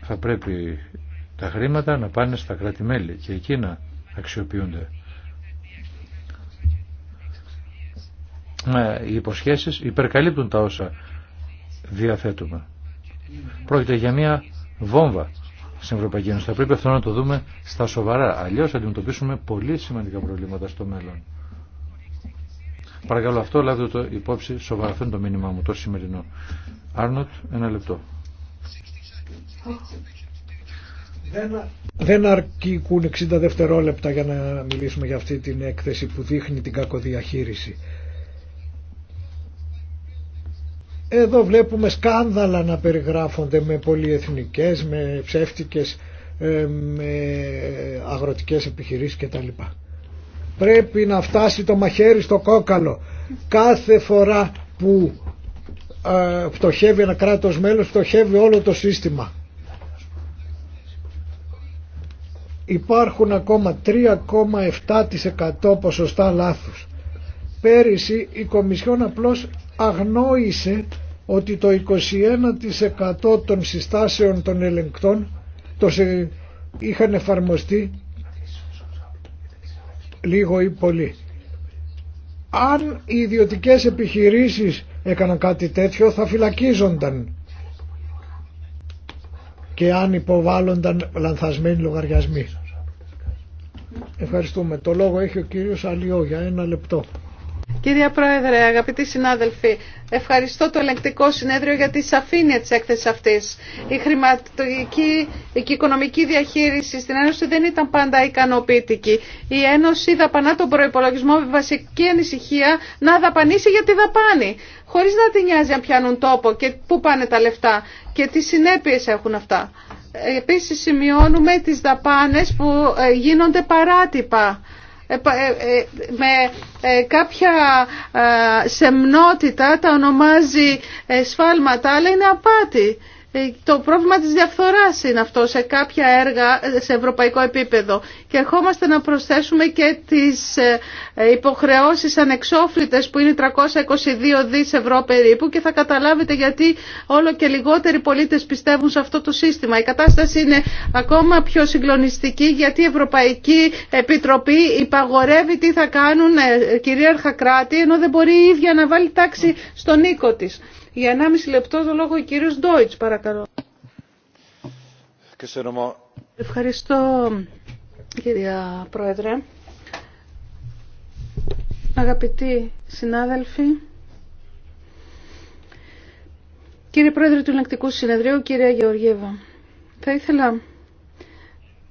C: Θα πρέπει τα χρήματα να πάνε στα κράτη-μέλη και εκεί να αξιοποιούνται. οι υποσχέσεις υπερκαλύπτουν τα όσα διαθέτουμε. Πρόκειται για μια βόμβα στην Ευρωπαϊκή Ένωση. Θα πρέπει αυτό να το δούμε στα σοβαρά. Αλλιώ θα αντιμετωπίσουμε πολύ σημαντικά προβλήματα στο μέλλον. Παρακαλώ αυτό λάβετε το υπόψη σοβαρά. Αυτό είναι το μήνυμά μου το σημερινό. Άρνοτ, ένα λεπτό.
B: Δεν, δεν αρκεί 60 δευτερόλεπτα για να μιλήσουμε για αυτή την έκθεση που δείχνει την κακοδιαχείριση. Εδώ βλέπουμε σκάνδαλα να περιγράφονται με πολυεθνικές, με ψεύτικες, ε, με αγροτικές επιχειρήσεις κτλ. Πρέπει να φτάσει το μαχαίρι στο κόκαλο. Κάθε φορά που ε, φτωχεύει ένα κράτος μέλος, φτωχεύει όλο το σύστημα. Υπάρχουν ακόμα 3,7% ποσοστά λάθους. Πέρυσι η Κομισιόν απλώς αγνόησε ότι το 21% των συστάσεων των ελεγκτών το σε, είχαν εφαρμοστεί λίγο ή πολύ. Αν οι ιδιωτικές επιχειρήσεις έκαναν κάτι τέτοιο θα φυλακίζονταν και αν υποβάλλονταν λανθασμένοι λογαριασμοί. Ευχαριστούμε. Το λόγο έχει ο κύριος Αλιό για ένα λεπτό.
A: Κυρία Πρόεδρε, αγαπητοί συνάδελφοι, ευχαριστώ το ελεγκτικό συνέδριο για τη σαφήνεια της έκθεσης αυτής. Η χρηματική και η οικονομική διαχείριση στην Ένωση δεν ήταν πάντα ικανοποιητική. Η Ένωση δαπανά τον προϋπολογισμό με βασική ανησυχία να δαπανίσει για τη δαπάνη, χωρίς να την νοιάζει αν πιάνουν τόπο και πού πάνε τα λεφτά και τι συνέπειες έχουν αυτά. Ε, επίσης σημειώνουμε τις δαπάνες που ε, γίνονται παράτυπα ε, ε, ε, με κάποια σεμνότητα τα ονομάζει σφάλματα, αλλά είναι απάτη. Ε, το πρόβλημα της διαφθοράς είναι αυτό σε κάποια έργα ε, σε ευρωπαϊκό επίπεδο και ερχόμαστε να προσθέσουμε και τις ε, υποχρεώσεις ανεξόφλητες που είναι 322 δις ευρώ περίπου και θα καταλάβετε γιατί όλο και λιγότεροι πολίτες πιστεύουν σε αυτό το σύστημα. Η κατάσταση είναι ακόμα πιο συγκλονιστική γιατί η Ευρωπαϊκή Επιτροπή υπαγορεύει τι θα κάνουν κυρίαρχα κράτη ενώ δεν μπορεί η ίδια να βάλει τάξη στον οίκο της. Για 1,5 λεπτό το λόγο ο κύριος Ντόιτς, παρακαλώ. Ευχαριστώ, κυρία Πρόεδρε. Αγαπητοί συνάδελφοι, κύριε Πρόεδρε του Ελεκτικού Συνεδρίου, κυρία Γεωργίευα, θα ήθελα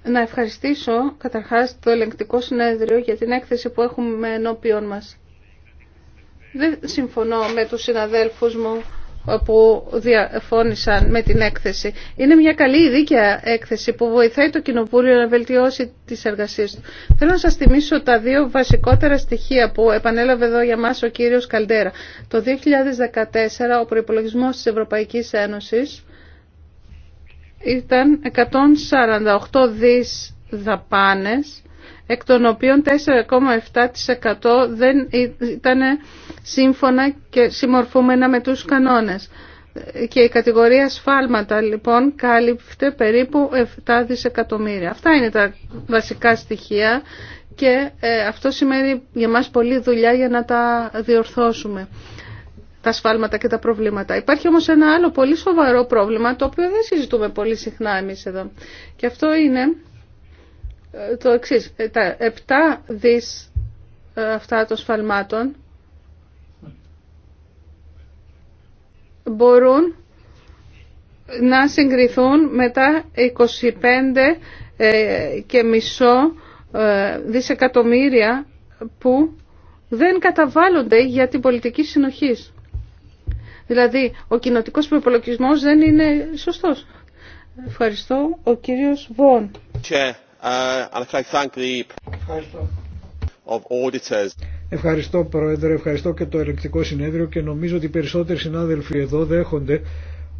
A: να ευχαριστήσω καταρχάς το Ελεγκτικό Συνέδριο για την έκθεση που έχουμε ενώπιον μας. Δεν συμφωνώ με τους συναδέλφους μου που διαφώνησαν με την έκθεση. Είναι μια καλή η έκθεση που βοηθάει το Κοινοβούλιο να βελτιώσει τις εργασίες του. Θέλω να σας θυμίσω τα δύο βασικότερα στοιχεία που επανέλαβε εδώ για μας ο κύριος Καλτέρα. Το 2014 ο προϋπολογισμός της Ευρωπαϊκής Ένωσης ήταν 148 δις δαπάνες εκ των οποίων 4,7% δεν ήταν σύμφωνα και συμμορφούμενα με τους κανόνες. Και η κατηγορία σφάλματα λοιπόν κάλυπτε περίπου 7 δισεκατομμύρια. Αυτά είναι τα βασικά στοιχεία και ε, αυτό σημαίνει για μας πολλή δουλειά για να τα διορθώσουμε τα σφάλματα και τα προβλήματα. Υπάρχει όμως ένα άλλο πολύ σοβαρό πρόβλημα το οποίο δεν συζητούμε πολύ συχνά εμείς εδώ. Και αυτό είναι το ε, Τα 7 δι ε, αυτά των σφαλμάτων μπορούν να συγκριθούν με τα 25 ε, και μισό δισεκατομμύρια που δεν καταβάλλονται για την πολιτική συνοχή. Δηλαδή, ο κοινοτικός προπολογισμός δεν είναι σωστός. Ευχαριστώ. Ο κύριος Βόν. Uh,
B: ευχαριστώ Πρόεδρε, ευχαριστώ και το ελεκτικό συνέδριο και νομίζω ότι οι περισσότεροι συνάδελφοι εδώ δέχονται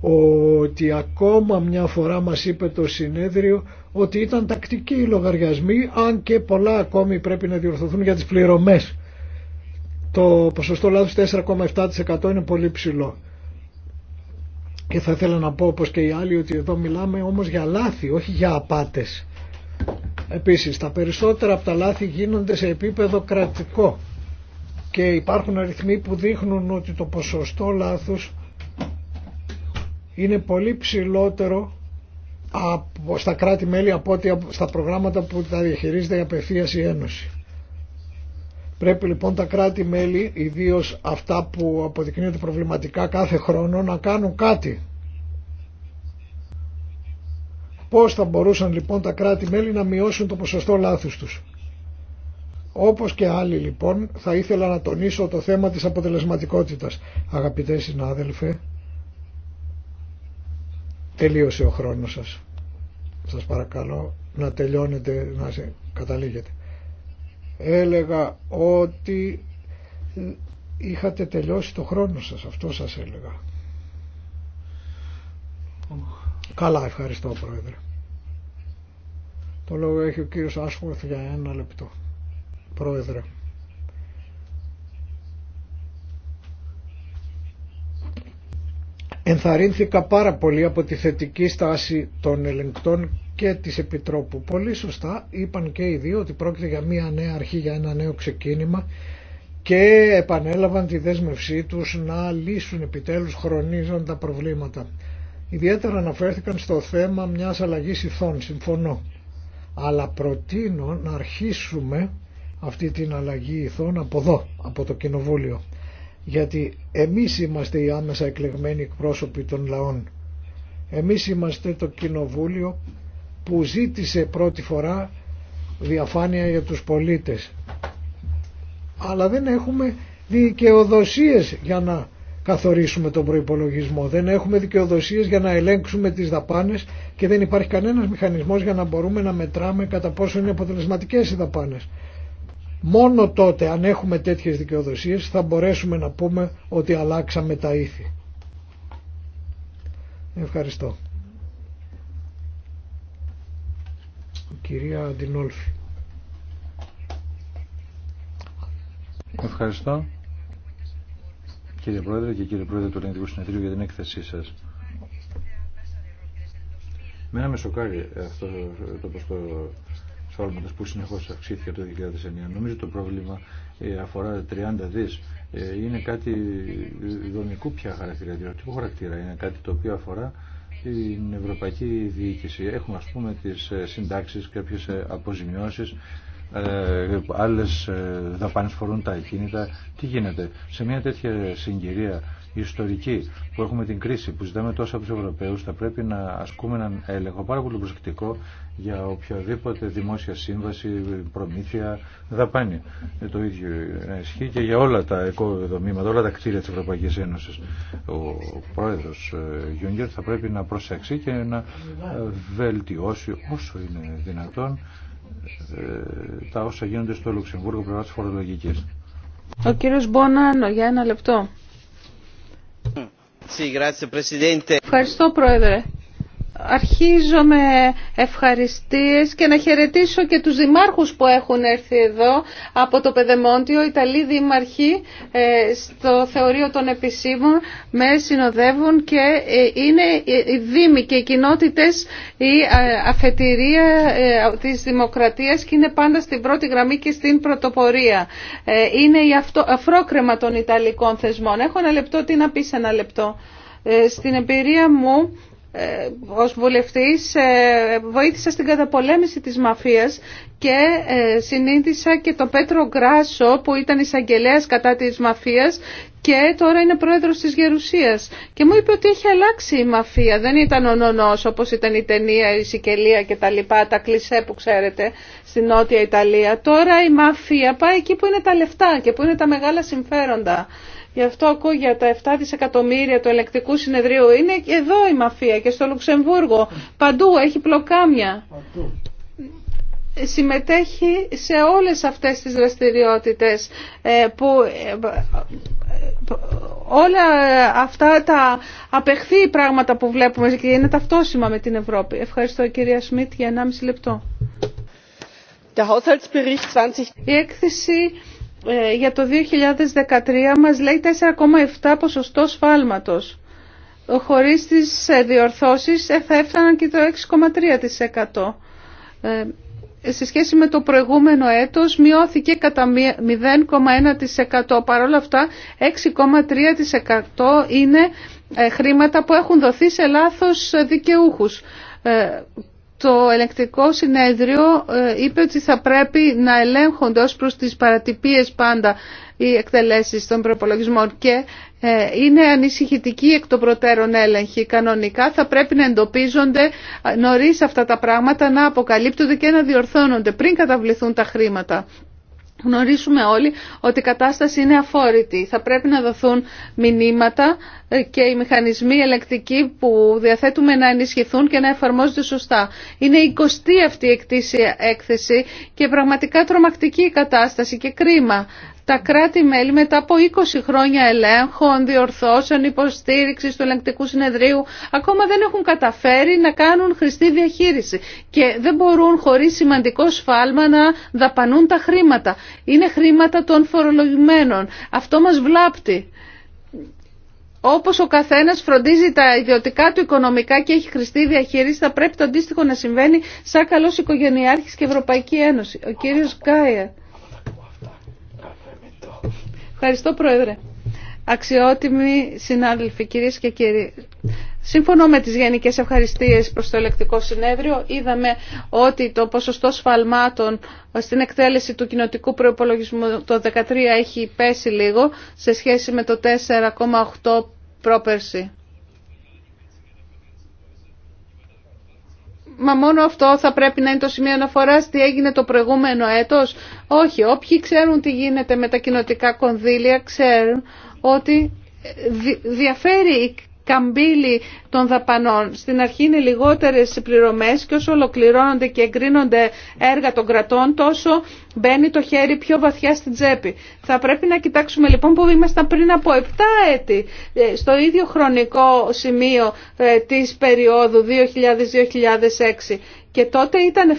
B: ότι ακόμα μια φορά μας είπε το συνέδριο ότι ήταν τακτικοί οι λογαριασμοί αν και πολλά ακόμη πρέπει να διορθωθούν για τις πληρωμές. Το ποσοστό λάθος 4,7% είναι πολύ ψηλό. Και θα ήθελα να πω όπως και οι άλλοι ότι εδώ μιλάμε όμως για λάθη, όχι για απάτες. Επίσης, τα περισσότερα από τα λάθη γίνονται σε επίπεδο κρατικό και υπάρχουν αριθμοί που δείχνουν ότι το ποσοστό λάθους είναι πολύ ψηλότερο από, στα κράτη-μέλη από ό,τι στα προγράμματα που τα διαχειρίζεται η απευθείας η Ένωση. Πρέπει λοιπόν τα κράτη-μέλη, ιδίως αυτά που αποδεικνύονται προβληματικά κάθε χρόνο, να κάνουν κάτι Πώς θα μπορούσαν λοιπόν τα κράτη-μέλη να μειώσουν το ποσοστό λάθους τους. Όπως και άλλοι λοιπόν θα ήθελα να τονίσω το θέμα της αποτελεσματικότητας. Αγαπητέ συνάδελφε, τελείωσε ο χρόνος σας. Σας παρακαλώ να τελειώνετε, να σε καταλήγετε. Έλεγα ότι είχατε τελειώσει το χρόνο σας, αυτό σας έλεγα. Καλά, ευχαριστώ Πρόεδρε. Το λόγο έχει ο κύριος Άσχορθ για ένα λεπτό. Πρόεδρε. Ενθαρρύνθηκα πάρα πολύ από τη θετική στάση των ελεγκτών και της Επιτρόπου. Πολύ σωστά είπαν και οι δύο ότι πρόκειται για μια νέα αρχή, για ένα νέο ξεκίνημα και επανέλαβαν τη δέσμευσή τους να λύσουν επιτέλους χρονίζοντα προβλήματα. Ιδιαίτερα αναφέρθηκαν στο θέμα μιας αλλαγής ηθών, συμφωνώ. Αλλά προτείνω να αρχίσουμε αυτή την αλλαγή ηθών από εδώ, από το Κοινοβούλιο. Γιατί εμείς είμαστε οι άμεσα εκλεγμένοι εκπρόσωποι των λαών. Εμείς είμαστε το Κοινοβούλιο που ζήτησε πρώτη φορά διαφάνεια για τους πολίτες. Αλλά δεν έχουμε δικαιοδοσίες για να καθορίσουμε τον προϋπολογισμό. Δεν έχουμε δικαιοδοσίες για να ελέγξουμε τις δαπάνες και δεν υπάρχει κανένας μηχανισμός για να μπορούμε να μετράμε κατά πόσο είναι αποτελεσματικές οι δαπάνες. Μόνο τότε αν έχουμε τέτοιες δικαιοδοσίες θα μπορέσουμε να πούμε ότι αλλάξαμε τα ήθη. Ευχαριστώ. Κυρία Αντινόλφη.
C: Ευχαριστώ. Κύριε Πρόεδρε και κύριε Πρόεδρε του Ελληνικού Συνεδρίου για την έκθεσή σα. Μένα με σοκάρει αυτό το ποσό σφάλματο που συνεχώ αυξήθηκε το 2009. Νομίζω το πρόβλημα ε, αφορά 30 Ε, Είναι κάτι δομικού πια χαρακτήρα, διωτικού χαρακτήρα. Είναι κάτι το οποίο αφορά την ευρωπαϊκή διοίκηση. Έχουμε α πούμε τις ε, συντάξεις, κάποιε αποζημιώσει ε, άλλες ε, δαπάνες φορούν τα ακίνητα. Τι γίνεται. Σε μια τέτοια συγκυρία ιστορική που έχουμε την κρίση που ζητάμε τόσο από τους Ευρωπαίους θα πρέπει να ασκούμε έναν έλεγχο πάρα πολύ προσεκτικό για οποιαδήποτε δημόσια σύμβαση, προμήθεια, δαπάνη. Ε, το ίδιο ισχύει και για όλα τα οικοδομήματα, όλα τα κτίρια της Ευρωπαϊκής Ένωσης. Ο πρόεδρος ε, Γιούγκερ θα πρέπει να προσέξει και να βελτιώσει όσο είναι δυνατόν ε, τα όσα γίνονται στο Λουξεμβούργο πλευρά τη φορολογική.
A: Ο κύριος Μπονάνο, για ένα λεπτό. Ευχαριστώ, Πρόεδρε αρχίζω με ευχαριστίες και να χαιρετήσω και τους δημάρχους που έχουν έρθει εδώ από το Πεδεμόντιο, Ιταλοί δήμαρχοι ε, στο θεωρείο των επισήμων με συνοδεύουν και ε, είναι οι δήμοι και οι κοινότητες η ε, αφετηρία της δημοκρατίας και είναι πάντα στην πρώτη γραμμή και στην πρωτοπορία. Είναι η αφρόκρεμα των Ιταλικών θεσμών. Έχω ένα λεπτό, τι να πεις ένα λεπτό. Στην εμπειρία μου ε, ως βουλευτής ε, βοήθησα στην καταπολέμηση της μαφίας και ε, συνήθισα και τον Πέτρο Γκράσο που ήταν εισαγγελέας κατά της μαφίας και τώρα είναι πρόεδρος της Γερουσίας και μου είπε ότι έχει αλλάξει η μαφία δεν ήταν ο νονός όπως ήταν η ταινία, η Σικελία και τα λοιπά τα κλισέ που ξέρετε στην Νότια Ιταλία τώρα η μαφία πάει εκεί που είναι τα λεφτά και που είναι τα μεγάλα συμφέροντα Γι' αυτό ακούω για τα 7 δισεκατομμύρια του ελεκτικού συνεδρίου. Είναι εδώ η μαφία και στο Λουξεμβούργο. Παντού έχει πλοκάμια. Συμμετέχει σε όλες αυτές τις δραστηριότητες ε, που ε, ε, όλα αυτά τα απεχθή πράγματα που βλέπουμε και είναι ταυτόσιμα με την Ευρώπη. Ευχαριστώ κυρία Σμιτ για 1,5 λεπτό. Η έκθεση ε, για το 2013 μας λέει 4,7 ποσοστό σφάλματος. Χωρίς τις ε, διορθώσεις ε, θα έφταναν και το 6,3%. Σε σχέση με το προηγούμενο έτος μειώθηκε κατά 0,1%. Παρ' όλα αυτά 6,3% είναι χρήματα που έχουν δοθεί σε λάθος δικαιούχους το ελεκτικό συνέδριο ε, είπε ότι θα πρέπει να ελέγχονται ως προς τις παρατυπίες πάντα οι εκτελέσεις των προπολογισμών και ε, είναι ανησυχητική εκ των προτέρων έλεγχη. Κανονικά θα πρέπει να εντοπίζονται ε, νωρίς αυτά τα πράγματα, να αποκαλύπτονται και να διορθώνονται πριν καταβληθούν τα χρήματα. Γνωρίζουμε όλοι ότι η κατάσταση είναι αφόρητη. Θα πρέπει να δοθούν μηνύματα ε, και οι μηχανισμοί ελεκτικοί που διαθέτουμε να ενισχυθούν και να εφαρμόζονται σωστά. Είναι η 20η αυτή η εκτήσια έκθεση και πραγματικά τρομακτική η εκθεση και κρίμα τα κράτη-μέλη μετά από 20 χρόνια ελέγχων, διορθώσεων, υποστήριξης του ελεγκτικού συνεδρίου ακόμα δεν έχουν καταφέρει να κάνουν χρηστή διαχείριση και δεν μπορούν χωρίς σημαντικό σφάλμα να δαπανούν τα χρήματα. Είναι χρήματα των φορολογημένων. Αυτό μας βλάπτει. Όπως ο καθένας φροντίζει τα ιδιωτικά του οικονομικά και έχει χρηστή διαχείριση, θα πρέπει το αντίστοιχο να συμβαίνει σαν καλός οικογενειάρχης και Ευρωπαϊκή Ένωση. Ο κύριος Γκάιερ. Ευχαριστώ, Πρόεδρε. Αξιότιμοι συνάδελφοι, κυρίες και κύριοι. Σύμφωνο με τις γενικές ευχαριστίες προς το ελεκτικό συνέδριο, είδαμε ότι το ποσοστό σφαλμάτων στην εκτέλεση του κοινοτικού προϋπολογισμού το 2013 έχει πέσει λίγο σε σχέση με το 4,8 πρόπερση. Μα μόνο αυτό θα πρέπει να είναι το σημείο αναφορά τι έγινε το προηγούμενο έτος. Όχι, όποιοι ξέρουν τι γίνεται με τα κοινοτικά κονδύλια ξέρουν ότι διαφέρει καμπύλη των δαπανών. Στην αρχή είναι λιγότερες οι πληρωμές και όσο ολοκληρώνονται και εγκρίνονται έργα των κρατών, τόσο μπαίνει το χέρι πιο βαθιά στην τσέπη. Θα πρέπει να κοιτάξουμε λοιπόν που ήμασταν πριν από 7 έτη, ε, στο ίδιο χρονικό σημείο ε, της περίοδου 2000-2006. Και τότε ήταν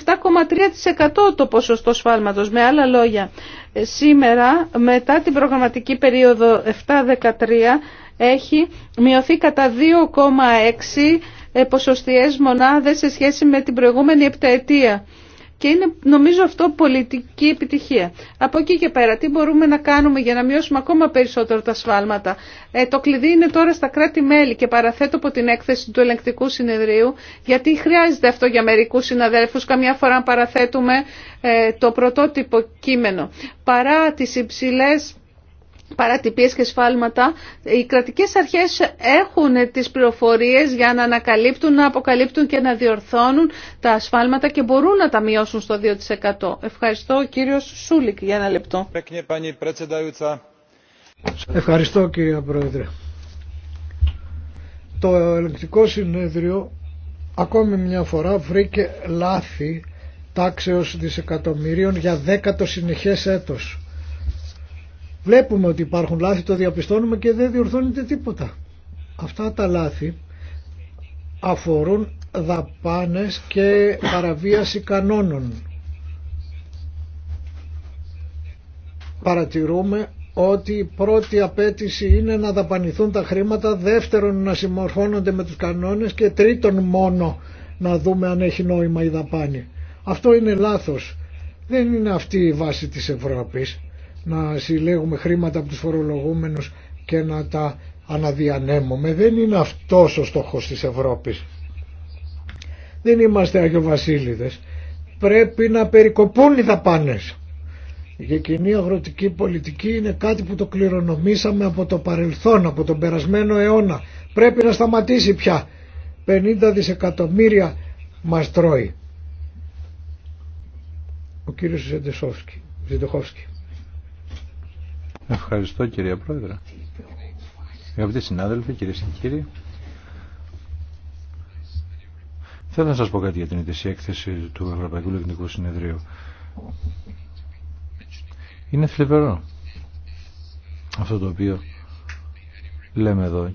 A: 7,3% το ποσοστό σφάλματος. Με άλλα λόγια, ε, σήμερα μετά την προγραμματική περίοδο 7-13 έχει μειωθεί κατά 2,6 ε, ποσοστιαίες μονάδες σε σχέση με την προηγούμενη επταετία. Και είναι νομίζω αυτό πολιτική επιτυχία. Από εκεί και πέρα, τι μπορούμε να κάνουμε για να μειώσουμε ακόμα περισσότερο τα σφάλματα. Ε, το κλειδί είναι τώρα στα κράτη-μέλη και παραθέτω από την έκθεση του ελεγκτικού συνεδρίου, γιατί χρειάζεται αυτό για μερικούς συναδέλφους, καμιά φορά παραθέτουμε ε, το πρωτότυπο κείμενο. Παρά τις υψηλές παρατυπίες και σφάλματα, οι κρατικές αρχές έχουν τις πληροφορίες για να ανακαλύπτουν, να αποκαλύπτουν και να διορθώνουν τα σφάλματα και μπορούν να τα μειώσουν στο 2%. Ευχαριστώ κύριος Σούλικ για ένα λεπτό.
B: Ευχαριστώ κύριε Πρόεδρε. Το ελεγκτικό συνέδριο ακόμη μια φορά βρήκε λάθη τάξεως δισεκατομμυρίων για δέκατο συνεχές έτος Βλέπουμε ότι υπάρχουν λάθη, το διαπιστώνουμε και δεν διορθώνεται τίποτα. Αυτά τα λάθη αφορούν δαπάνες και παραβίαση κανόνων. Παρατηρούμε ότι η πρώτη απέτηση είναι να δαπανηθούν τα χρήματα, δεύτερον να συμμορφώνονται με τους κανόνες και τρίτον μόνο να δούμε αν έχει νόημα η δαπάνη. Αυτό είναι λάθος. Δεν είναι αυτή η βάση της Ευρώπης να συλλέγουμε χρήματα από τους φορολογούμενους και να τα αναδιανέμουμε. Δεν είναι αυτός ο στόχος της Ευρώπης. Δεν είμαστε Αγιοβασίλειδες. Πρέπει να περικοπούν οι δαπάνες. Η κοινή αγροτική πολιτική είναι κάτι που το κληρονομήσαμε από το παρελθόν, από τον περασμένο αιώνα. Πρέπει να σταματήσει πια. 50 δισεκατομμύρια μας τρώει. Ο κύριος Ζεντεχόφσκι.
C: Ευχαριστώ κυρία Πρόεδρε. Αγαπητοί συνάδελφοι, κυρίε και κύριοι, θέλω να σα πω κάτι για την ετησία έκθεση του Ευρωπαϊκού Λευνικού Συνεδρίου. Είναι θλιβερό αυτό το οποίο λέμε εδώ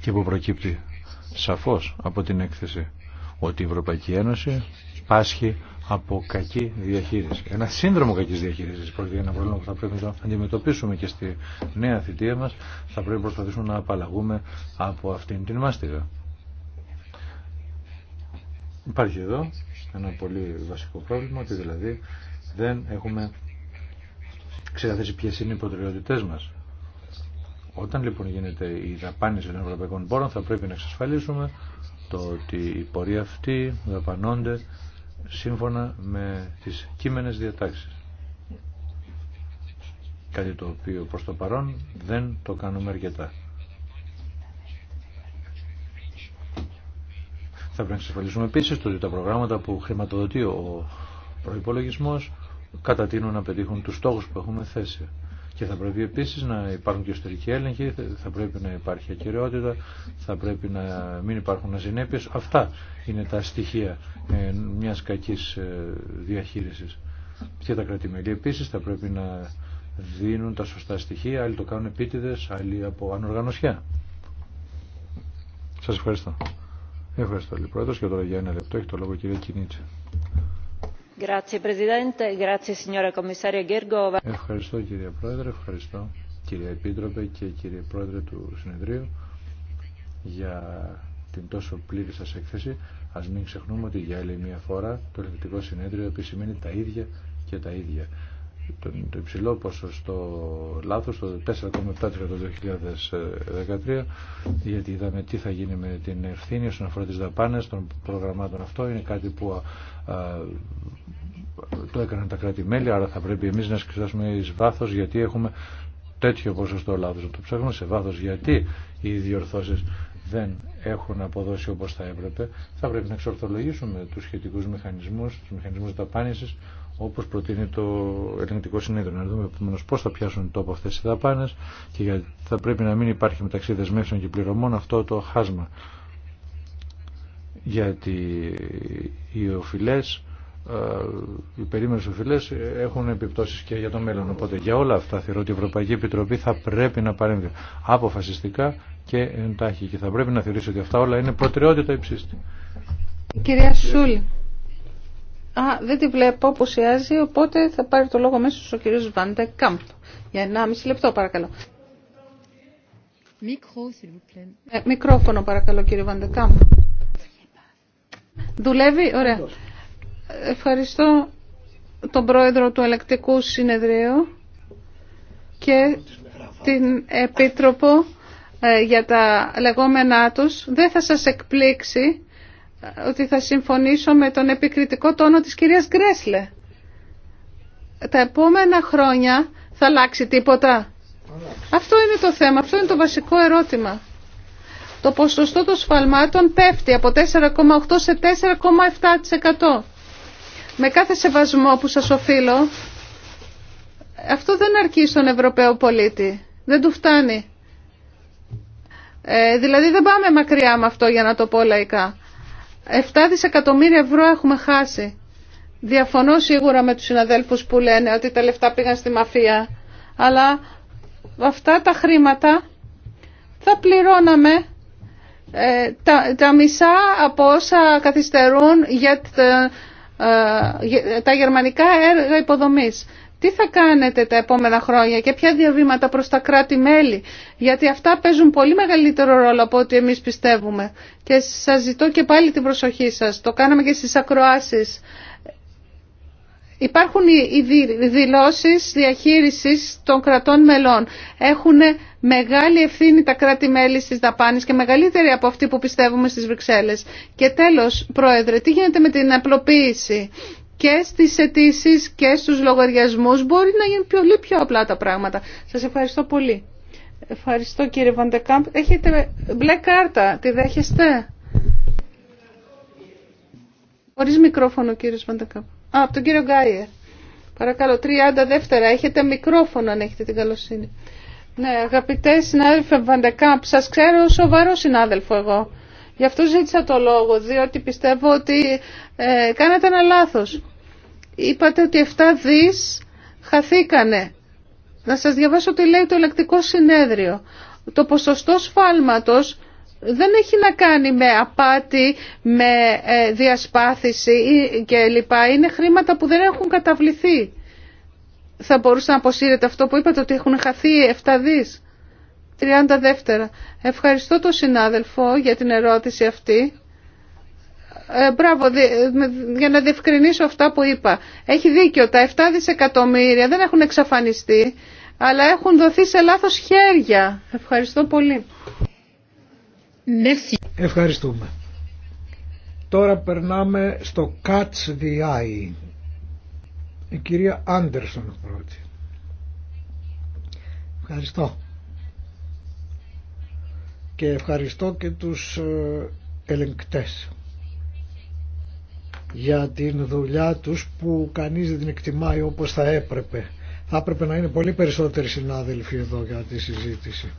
C: και που προκύπτει σαφώς από την έκθεση ότι η Ευρωπαϊκή Ένωση πάσχει από κακή διαχείριση. Ένα σύνδρομο κακή διαχείριση πρόκειται για ένα πρόβλημα που θα πρέπει να αντιμετωπίσουμε και στη νέα θητεία μα. Θα πρέπει να προσπαθήσουμε να απαλλαγούμε από αυτήν την μάστιγα. Υπάρχει εδώ ένα πολύ βασικό πρόβλημα ότι δηλαδή δεν έχουμε ξεκαθαρίσει ποιε είναι οι προτεραιότητέ μα. Όταν λοιπόν γίνεται η δαπάνηση των ευρωπαϊκών πόρων θα πρέπει να εξασφαλίσουμε το ότι οι πορεία αυτοί δαπανώνται σύμφωνα με τις κείμενες διατάξεις. Κάτι το οποίο προς το παρόν δεν το κάνουμε αρκετά. Θα πρέπει να εξασφαλίσουμε επίση το ότι τα προγράμματα που χρηματοδοτεί ο προϋπολογισμός κατατείνουν να πετύχουν τους στόχους που έχουμε θέσει. Και θα πρέπει επίσης να υπάρχουν και εσωτερικοί έλεγχοι, θα πρέπει να υπάρχει ακυρεότητα, θα πρέπει να μην υπάρχουν ασυνέπειες. Αυτά είναι τα στοιχεία ε, μιας κακής ε, διαχείρισης. Και τα κρατημέλη επίσης θα πρέπει να δίνουν τα σωστά στοιχεία, άλλοι το κάνουν επίτηδες, άλλοι από ανοργανωσιά. Σας ευχαριστώ. Ευχαριστώ λοιπόν. και τώρα για ένα λεπτό έχει το λόγο κυρία
A: Ευχαριστώ
C: κύριε Πρόεδρε, ευχαριστώ κύριε Επίτροπε και κύριε Πρόεδρε του Συνεδρίου για την τόσο πλήρη σας έκθεση. Ας μην ξεχνούμε ότι για άλλη μια φορά το ελεκτικό συνέδριο επισημαίνει τα ίδια και τα ίδια το υψηλό ποσοστό λάθος, το 4,7% το 2013, γιατί είδαμε τι θα γίνει με την ευθύνη όσον αφορά τις δαπάνες των προγραμμάτων αυτό. Είναι κάτι που το έκαναν τα κράτη-μέλη, άρα θα πρέπει εμείς να σκεφτάσουμε εις βάθος γιατί έχουμε τέτοιο ποσοστό λάθος. Να το ψάχνουμε σε βάθος γιατί οι διορθώσεις δεν έχουν αποδώσει όπως θα έπρεπε. Θα πρέπει να εξορθολογήσουμε τους σχετικούς μηχανισμούς, τους μηχανισμούς δαπάνησης, όπως προτείνει το Ελληνικό συνέδριο. Να δούμε επομένως πώς θα πιάσουν τόπο αυτές οι δαπάνες και γιατί θα πρέπει να μην υπάρχει μεταξύ δεσμεύσεων και πληρωμών αυτό το χάσμα. Γιατί οι οφειλές, ε, οι περίμενες οφειλές έχουν επιπτώσεις και για το μέλλον. Οπότε για όλα αυτά θεωρώ ότι η Ευρωπαϊκή Επιτροπή θα πρέπει να παρέμβει αποφασιστικά και εντάχει και θα πρέπει να θεωρήσει ότι αυτά όλα είναι προτεραιότητα υψίστη.
A: Κυρία Σούλη. Α, δεν τη βλέπω, αποσιάζει, οπότε θα πάρει το λόγο μέσα ο κύριος Βάντε Για 1,5 λεπτό παρακαλώ. Ε, μικρόφωνο παρακαλώ κύριε Βάντε Δουλεύει, ωραία. Ευχαριστώ τον πρόεδρο του Ελεκτικού Συνεδρίου και την Επίτροπο ε, για τα λεγόμενά τους. Δεν θα σας εκπλήξει ότι θα συμφωνήσω με τον επικριτικό τόνο της κυρίας Γκρέσλε. Τα επόμενα χρόνια θα αλλάξει τίποτα. Αυτό είναι το θέμα, αυτό είναι το βασικό ερώτημα. Το ποσοστό των σφαλμάτων πέφτει από 4,8% σε 4,7%. Με κάθε σεβασμό που σας οφείλω, αυτό δεν αρκεί στον Ευρωπαίο πολίτη. Δεν του φτάνει. Ε, δηλαδή δεν πάμε μακριά με αυτό για να το πω λαϊκά. 7 δισεκατομμύρια ευρώ έχουμε χάσει. Διαφωνώ σίγουρα με τους συναδέλφους που λένε ότι τα λεφτά πήγαν στη μαφία. Αλλά αυτά τα χρήματα θα πληρώναμε ε, τα, μισά από όσα καθυστερούν για ε, τα, γερμανικά έργα υποδομής. Τι θα κάνετε τα επόμενα χρόνια και ποια διαβήματα προς τα κράτη-μέλη, γιατί αυτά παίζουν πολύ μεγαλύτερο ρόλο από ό,τι εμείς πιστεύουμε. Και σας ζητώ και πάλι την προσοχή σας, το κάναμε και στις ακροάσεις. Υπάρχουν οι δηλώσεις διαχείρισης των κρατών μελών. Έχουν μεγάλη ευθύνη τα κράτη-μέλη στις δαπάνε και μεγαλύτερη από αυτή που πιστεύουμε στις Βρυξέλλες. Και τέλος, Πρόεδρε, τι γίνεται με την απλοποίηση και στις αιτήσει και στους λογαριασμούς μπορεί να γίνουν πολύ πιο απλά τα πράγματα. Σας ευχαριστώ πολύ. Ευχαριστώ κύριε Βαντεκάμπ. Έχετε μπλε κάρτα, τη δέχεστε. Χωρί μικρόφωνο κύριος Βαντεκάμπ. Α, από τον κύριο Γκάιερ. Παρακαλώ, 30 δεύτερα. Έχετε μικρόφωνο αν έχετε την καλοσύνη. Ναι, αγαπητέ συνάδελφε Βαντεκάμπ, σας ξέρω σοβαρό συνάδελφο εγώ. Γι' αυτό ζήτησα το λόγο, διότι πιστεύω ότι ε, κάνατε ένα λάθος. Είπατε ότι 7 δις χαθήκανε. Να σας διαβάσω τι λέει το ελεκτικό συνέδριο. Το ποσοστό σφάλματος δεν έχει να κάνει με απάτη, με ε, διασπάθηση και Είναι χρήματα που δεν έχουν καταβληθεί. Θα μπορούσα να αποσύρετε αυτό που είπατε ότι έχουν χαθεί 7 δις. 32. Ευχαριστώ τον συνάδελφο για την ερώτηση αυτή. Ε, μπράβο, για να διευκρινίσω αυτά που είπα. Έχει δίκιο, τα 7 δισεκατομμύρια δεν έχουν εξαφανιστεί, αλλά έχουν δοθεί σε λάθος χέρια. Ευχαριστώ πολύ.
B: Ευχαριστούμε. Τώρα περνάμε στο Catch the Eye. Η κυρία Άντερσον πρώτη. Ευχαριστώ και ευχαριστώ και τους ε, ελεγκτές για την δουλειά τους που κανείς δεν την εκτιμάει όπως θα έπρεπε. Θα έπρεπε να είναι πολύ περισσότεροι συνάδελφοι εδώ για τη συζήτηση.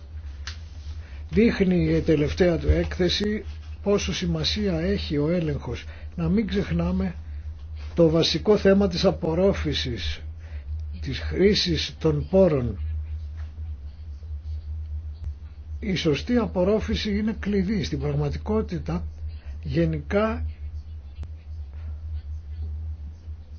B: Δείχνει η τελευταία του έκθεση πόσο σημασία έχει ο έλεγχος. Να μην ξεχνάμε το βασικό θέμα της απορρόφησης, της χρήσης των πόρων η σωστή απορρόφηση είναι κλειδί. Στην πραγματικότητα γενικά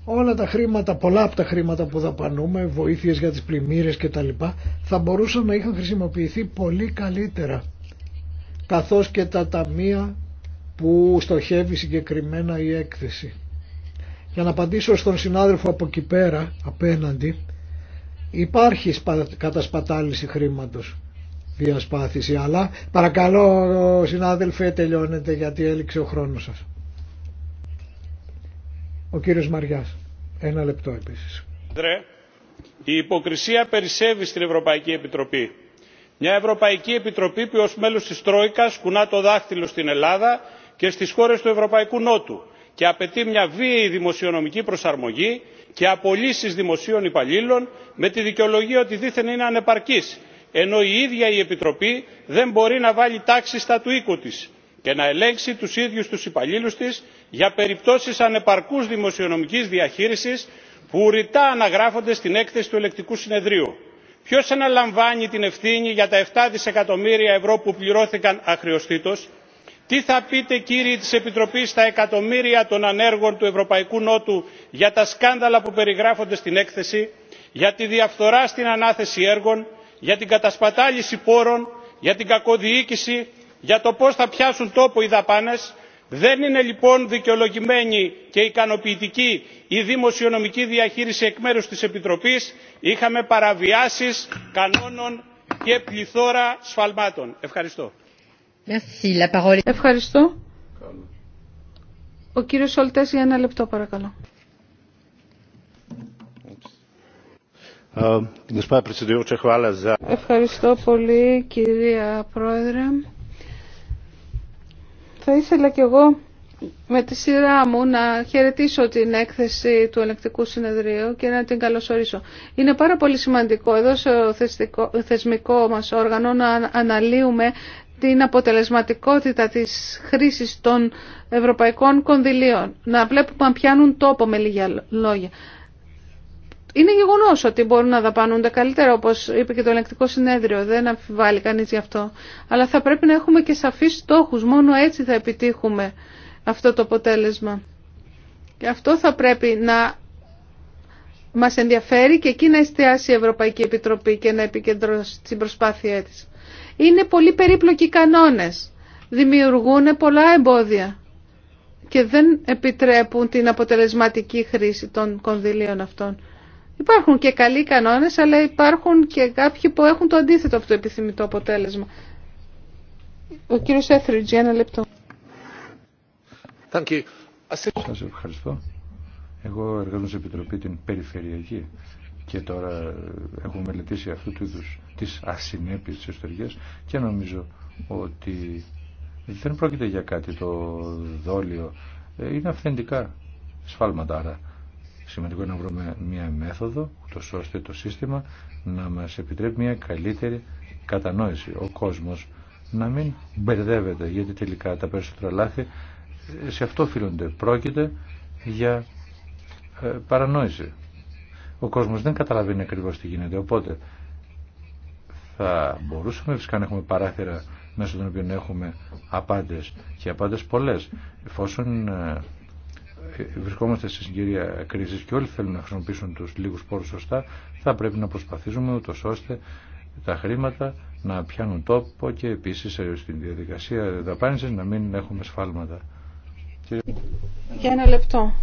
B: όλα τα χρήματα, πολλά από τα χρήματα που δαπανούμε, βοήθειες για τις πλημμύρες και τα λοιπά, θα μπορούσαν να είχαν χρησιμοποιηθεί πολύ καλύτερα καθώς και τα ταμεία που στοχεύει συγκεκριμένα η έκθεση. Για να απαντήσω στον συνάδελφο από εκεί πέρα, απέναντι, υπάρχει κατασπατάληση χρήματος αλλά παρακαλώ συνάδελφε τελειώνετε γιατί έληξε ο χρόνος σας. Ο κύριος Μαριάς. Ένα λεπτό επίσης.
D: Η υποκρισία περισσεύει στην Ευρωπαϊκή Επιτροπή. Μια Ευρωπαϊκή Επιτροπή που ως μέλος της Τρόικας κουνά το δάχτυλο στην Ελλάδα και στις χώρες του Ευρωπαϊκού Νότου και απαιτεί μια βίαιη δημοσιονομική προσαρμογή και απολύσεις δημοσίων υπαλλήλων με τη δικαιολογία ότι δήθεν είναι ανεπαρκής ενώ η ίδια η επιτροπή δεν μπορεί να βάλει τάξη στα του οίκου της και να ελέγξει τους ίδιους τους υπαλλήλους της για περιπτώσεις ανεπαρκούς δημοσιονομικής διαχείρισης που ρητά αναγράφονται στην έκθεση του ελεκτικού συνεδρίου. Ποιος αναλαμβάνει την ευθύνη για τα 7 δισεκατομμύρια ευρώ που πληρώθηκαν αχρεωστήτως, τι θα πείτε κύριοι της Επιτροπής στα εκατομμύρια των ανέργων του Ευρωπαϊκού Νότου για τα σκάνδαλα που περιγράφονται στην έκθεση, για τη διαφθορά στην ανάθεση έργων, για την κατασπατάληση πόρων για την κακοδιοίκηση για το πώς θα πιάσουν τόπο οι δαπάνες δεν είναι λοιπόν δικαιολογημένη και ικανοποιητική η δημοσιονομική διαχείριση εκ μέρους της επιτροπής είχαμε παραβιάσεις κανόνων και πληθώρα σφαλμάτων. Ευχαριστώ.
A: Ευχαριστώ. Ο κύριος Σολτές για ένα λεπτό παρακαλώ. Ευχαριστώ πολύ κυρία Πρόεδρε. Θα ήθελα κι εγώ με τη σειρά μου να χαιρετήσω την έκθεση του Ελεκτικού Συνεδρίου και να την καλωσορίσω. Είναι πάρα πολύ σημαντικό εδώ στο θεσμικό μας όργανο να αναλύουμε την αποτελεσματικότητα της χρήσης των ευρωπαϊκών κονδυλίων. Να βλέπουμε αν πιάνουν τόπο με λίγα λόγια είναι γεγονό ότι μπορούν να δαπανούνται καλύτερα, όπω είπε και το ελεγκτικό συνέδριο. Δεν αμφιβάλλει κανεί γι' αυτό. Αλλά θα πρέπει να έχουμε και σαφεί στόχου. Μόνο έτσι θα επιτύχουμε αυτό το αποτέλεσμα. Και αυτό θα πρέπει να μα ενδιαφέρει και εκεί να εστιάσει η Ευρωπαϊκή Επιτροπή και να επικεντρώσει την προσπάθειά τη. Είναι πολύ περίπλοκοι κανόνε. Δημιουργούν πολλά εμπόδια και δεν επιτρέπουν την αποτελεσματική χρήση των κονδυλίων αυτών. Υπάρχουν και καλοί κανόνες, αλλά υπάρχουν και κάποιοι που έχουν το αντίθετο από το επιθυμητό αποτέλεσμα. Ο κύριος Έθριτζ, ένα λεπτό.
C: Thank ευχαριστώ. Εγώ εργάζομαι σε Επιτροπή την Περιφερειακή και τώρα έχουμε μελετήσει αυτού του είδους τις ασυνέπειες της ιστορίας και νομίζω ότι δεν πρόκειται για κάτι το δόλιο. Ε, είναι αυθεντικά σφάλματα άρα Σημαντικό να βρούμε μία μέθοδο, ούτως ώστε το σύστημα να μας επιτρέπει μία καλύτερη κατανόηση. Ο κόσμος να μην μπερδεύεται, γιατί τελικά τα περισσότερα λάθη ε, σε αυτό οφείλονται. Πρόκειται για ε, παρανόηση. Ο κόσμος δεν καταλαβαίνει ακριβώς τι γίνεται, οπότε θα μπορούσαμε φυσικά να έχουμε παράθυρα μέσω των οποίων έχουμε απάντες και απάντες πολλές εφόσον ε, βρισκόμαστε σε συγκυρία κρίση και όλοι θέλουν να χρησιμοποιήσουν του λίγου πόρου σωστά, θα πρέπει να προσπαθήσουμε ούτω ώστε τα χρήματα να πιάνουν τόπο και επίση ε, στην διαδικασία δαπάνηση να μην έχουμε σφάλματα.
A: Για ένα λεπτό.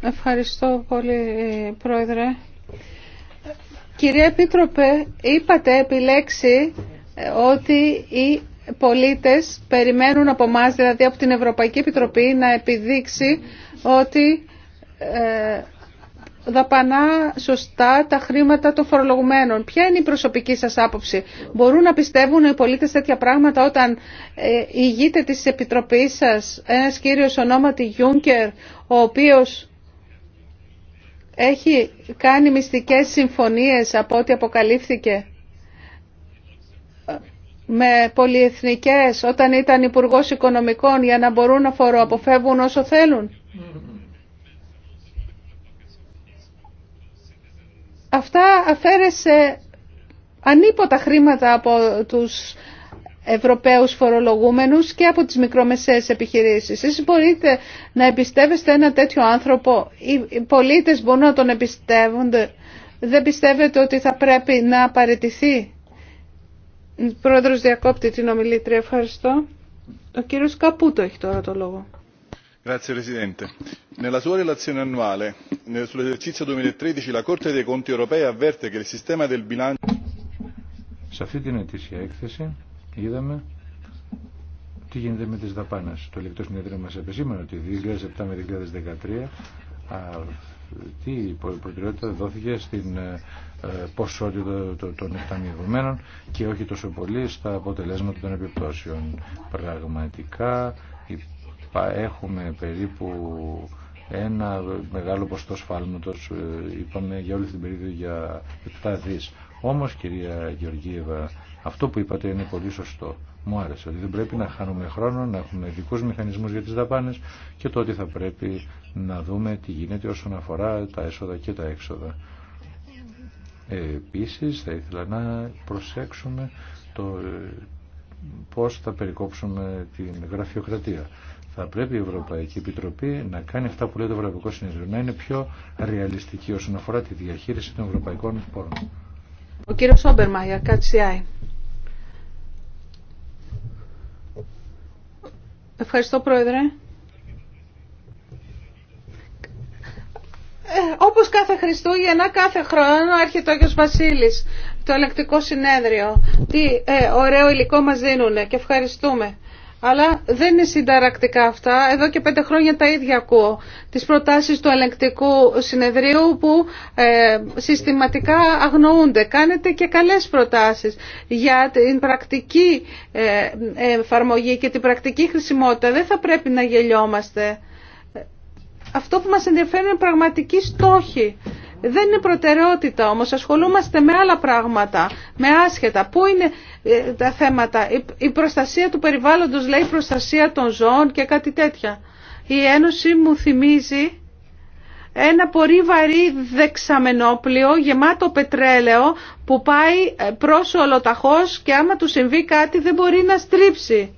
A: Ευχαριστώ πολύ, Πρόεδρε. Κυρία Επίτροπε, είπατε επιλέξει ε, ότι η πολίτες περιμένουν από εμά, δηλαδή από την Ευρωπαϊκή Επιτροπή, να επιδείξει ότι ε, δαπανά σωστά τα χρήματα των φορολογουμένων. Ποια είναι η προσωπική σας άποψη. Μπορούν να πιστεύουν οι πολίτες τέτοια πράγματα όταν ε, ηγείται της Επιτροπής σας ένας κύριος ονόματι Γιούνκερ, ο οποίος έχει κάνει μυστικές συμφωνίες από ό,τι αποκαλύφθηκε με πολυεθνικές όταν ήταν υπουργό Οικονομικών για να μπορούν να φοροαποφεύγουν όσο θέλουν. Αυτά αφαίρεσε ανίποτα χρήματα από τους Ευρωπαίους φορολογούμενους και από τις μικρομεσαίες επιχειρήσεις. Εσείς μπορείτε να εμπιστεύεστε ένα τέτοιο άνθρωπο. Οι πολίτες μπορούν να τον εμπιστεύονται. Δεν πιστεύετε ότι θα πρέπει να παραιτηθεί. Πρόεδρος διακόπτη την ομιλήτρια. Ευχαριστώ. Ο κύριος Καπούτο έχει τώρα το λόγο.
C: Σε αυτή την ετήσια έκθεση είδαμε τι γίνεται με τις δαπάνες. Το συνεδρίο μας επεσήμανε ότι 2007 με 2013 τι προτεραιότητα δόθηκε στην ε, ε, ποσότητα των εκταμιευμένων και όχι τόσο πολύ στα αποτελέσματα των επιπτώσεων. Πραγματικά έχουμε περίπου ένα μεγάλο ποστό σφάλματος, ε, είπαμε για όλη την περίοδο για 7 δις. Όμως κυρία Γεωργίευα, αυτό που είπατε είναι πολύ σωστό μου άρεσε ότι δεν πρέπει να χάνουμε χρόνο, να έχουμε ειδικού μηχανισμούς για τις δαπάνες και το ότι θα πρέπει να δούμε τι γίνεται όσον αφορά τα έσοδα και τα έξοδα. Επίσης θα ήθελα να προσέξουμε το πώς θα περικόψουμε την γραφειοκρατία. Θα πρέπει η Ευρωπαϊκή Επιτροπή να κάνει αυτά που λέει το Ευρωπαϊκό Συνέδριο, να είναι πιο ρεαλιστική όσον αφορά τη διαχείριση των ευρωπαϊκών πόρων.
A: Ο κύριος Ευχαριστώ, Πρόεδρε. Ε, όπως κάθε Χριστούγεννα, κάθε χρόνο έρχεται ο Άγιος Βασίλης, το ελεκτικό συνέδριο. Τι ε, ωραίο υλικό μας δίνουν και ευχαριστούμε. Αλλά δεν είναι συνταρακτικά αυτά. Εδώ και πέντε χρόνια τα ίδια ακούω. Τις προτάσεις του ελεγκτικού συνεδρίου που ε, συστηματικά αγνοούνται. Κάνετε και καλές προτάσεις για την πρακτική ε, εφαρμογή και την πρακτική χρησιμότητα. Δεν θα πρέπει να γελιόμαστε. Αυτό που μας ενδιαφέρει είναι πραγματικοί στόχοι δεν είναι προτεραιότητα όμως, ασχολούμαστε με άλλα πράγματα, με άσχετα. Πού είναι ε, τα θέματα, η προστασία του περιβάλλοντος λέει προστασία των ζώων και κάτι τέτοια. Η Ένωση μου θυμίζει ένα πολύ βαρύ δεξαμενόπλιο γεμάτο πετρέλαιο που πάει ε, προς ολοταχώς και άμα του συμβεί κάτι δεν μπορεί να στρίψει.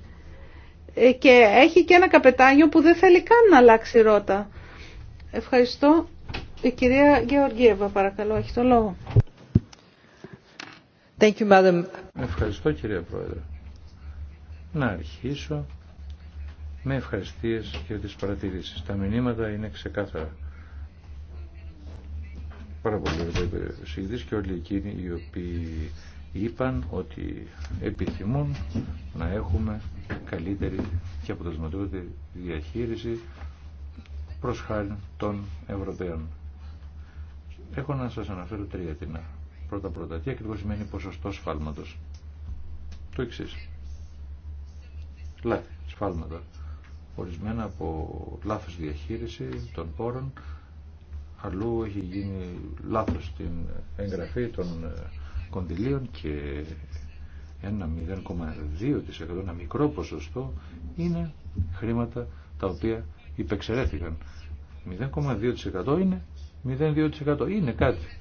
A: Ε, και έχει και ένα καπετάνιο που δεν θέλει καν να αλλάξει ρότα. Ευχαριστώ. Η κυρία Γεωργίευα, παρακαλώ, έχει το λόγο. Thank you, madam.
C: Ευχαριστώ, κυρία Πρόεδρε. Να αρχίσω με ευχαριστίες για τις παρατηρήσεις. Τα μηνύματα είναι ξεκάθαρα. Πάρα πολύ ευχαριστώ και όλοι εκείνοι οι οποίοι είπαν ότι επιθυμούν να έχουμε καλύτερη και αποτελεσματικότερη διαχείριση προς χάρη των Ευρωπαίων Έχω να σας αναφέρω τρία τινά. Πρώτα πρώτα, τι ακριβώ σημαίνει ποσοστό σφάλματος. Το εξή. Λάθη, σφάλματα. Ορισμένα από λάθος διαχείριση των πόρων, αλλού έχει γίνει λάθος στην εγγραφή των ε, κονδυλίων και ένα 0,2% ένα μικρό ποσοστό είναι χρήματα τα οποία υπεξερέθηκαν. 0,2% είναι 0,2% είναι κάτι.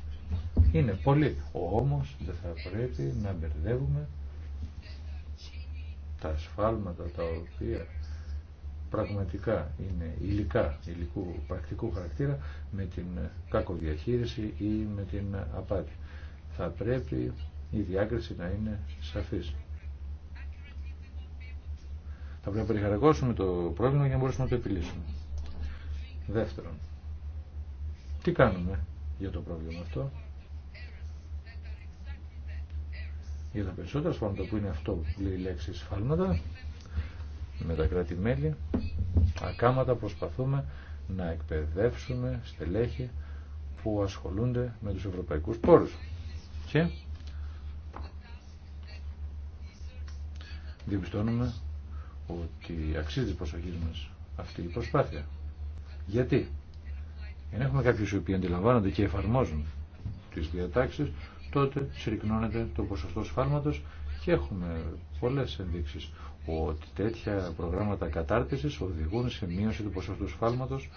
C: Είναι πολύ. Όμως δεν θα πρέπει να μπερδεύουμε τα ασφάλματα τα οποία πραγματικά είναι υλικά, υλικού πρακτικού χαρακτήρα με την κακοδιαχείριση ή με την απάτη. Θα πρέπει η διάκριση να είναι σαφής. Θα πρέπει να περιχαρακώσουμε το πρόβλημα για να μπορέσουμε να το επιλύσουμε. Δεύτερον, τι κάνουμε για το πρόβλημα αυτό. Για τα περισσότερα σφάλματα που είναι αυτό που λέει η λέξη σφάλματα με τα κράτη-μέλη ακάματα προσπαθούμε να εκπαιδεύσουμε στελέχη που ασχολούνται με τους ευρωπαϊκούς πόρους. Και διαπιστώνουμε ότι αξίζει της προσοχής μας αυτή η προσπάθεια. Γιατί Εάν έχουμε κάποιους οι οποίοι αντιλαμβάνονται και εφαρμόζουν τις διατάξεις, τότε συρρυκνώνεται το ποσοστό σφάλματος και έχουμε πολλές ενδείξεις ότι τέτοια προγράμματα κατάρτισης οδηγούν σε μείωση του ποσοστού σφάλματος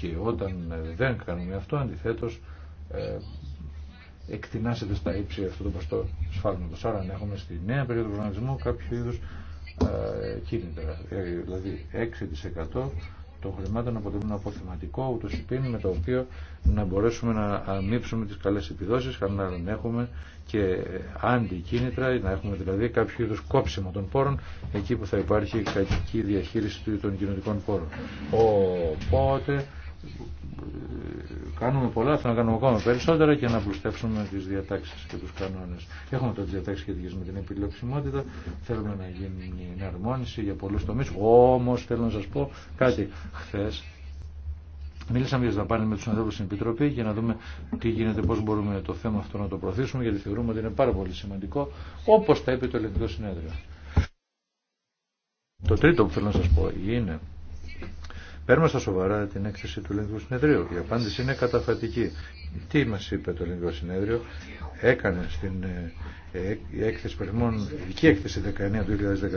C: και όταν δεν κάνουμε αυτό, αντιθέτως, ε, εκτινάσεται στα ύψη αυτό το ποσοστό σφάλματος. Άρα αν έχουμε στη νέα περίοδο προγραμματισμού κάποιο είδους ε, κίνητρα, δηλαδή 6% των χρημάτων αποτελούν αποθεματικό ούτω υπήν με το οποίο να μπορέσουμε να αμύψουμε τις καλές επιδόσεις, να έχουμε και αντικίνητρα, να έχουμε δηλαδή κάποιο είδου κόψιμο των πόρων εκεί που θα υπάρχει κακική διαχείριση των κοινωνικών πόρων. Οπότε κάνουμε πολλά, θα κάνουμε ακόμα περισσότερα και να πλουστεύσουμε τις διατάξεις και τους κανόνες. Έχουμε τώρα διατάξεις σχετικές με την επιλεξιμότητα, θέλουμε να γίνει εναρμόνιση για πολλούς τομείς, όμως θέλω να σας πω κάτι. Χθες Μίλησαμε για δαπάνε με του ανθρώπους στην Επιτροπή για να δούμε τι γίνεται, πώ μπορούμε το θέμα αυτό να το προωθήσουμε, γιατί θεωρούμε ότι είναι πάρα πολύ σημαντικό, όπω τα είπε το Ελληνικό Συνέδριο. Το τρίτο που θέλω να σα πω είναι Παίρνουμε στα σοβαρά την έκθεση του Ελληνικού Συνεδρίου. Η απάντηση είναι καταφατική. Τι μα είπε το Ελληνικό Συνέδριο, έκανε στην ε, ε, έκθεση ειδική έκθεση 19 του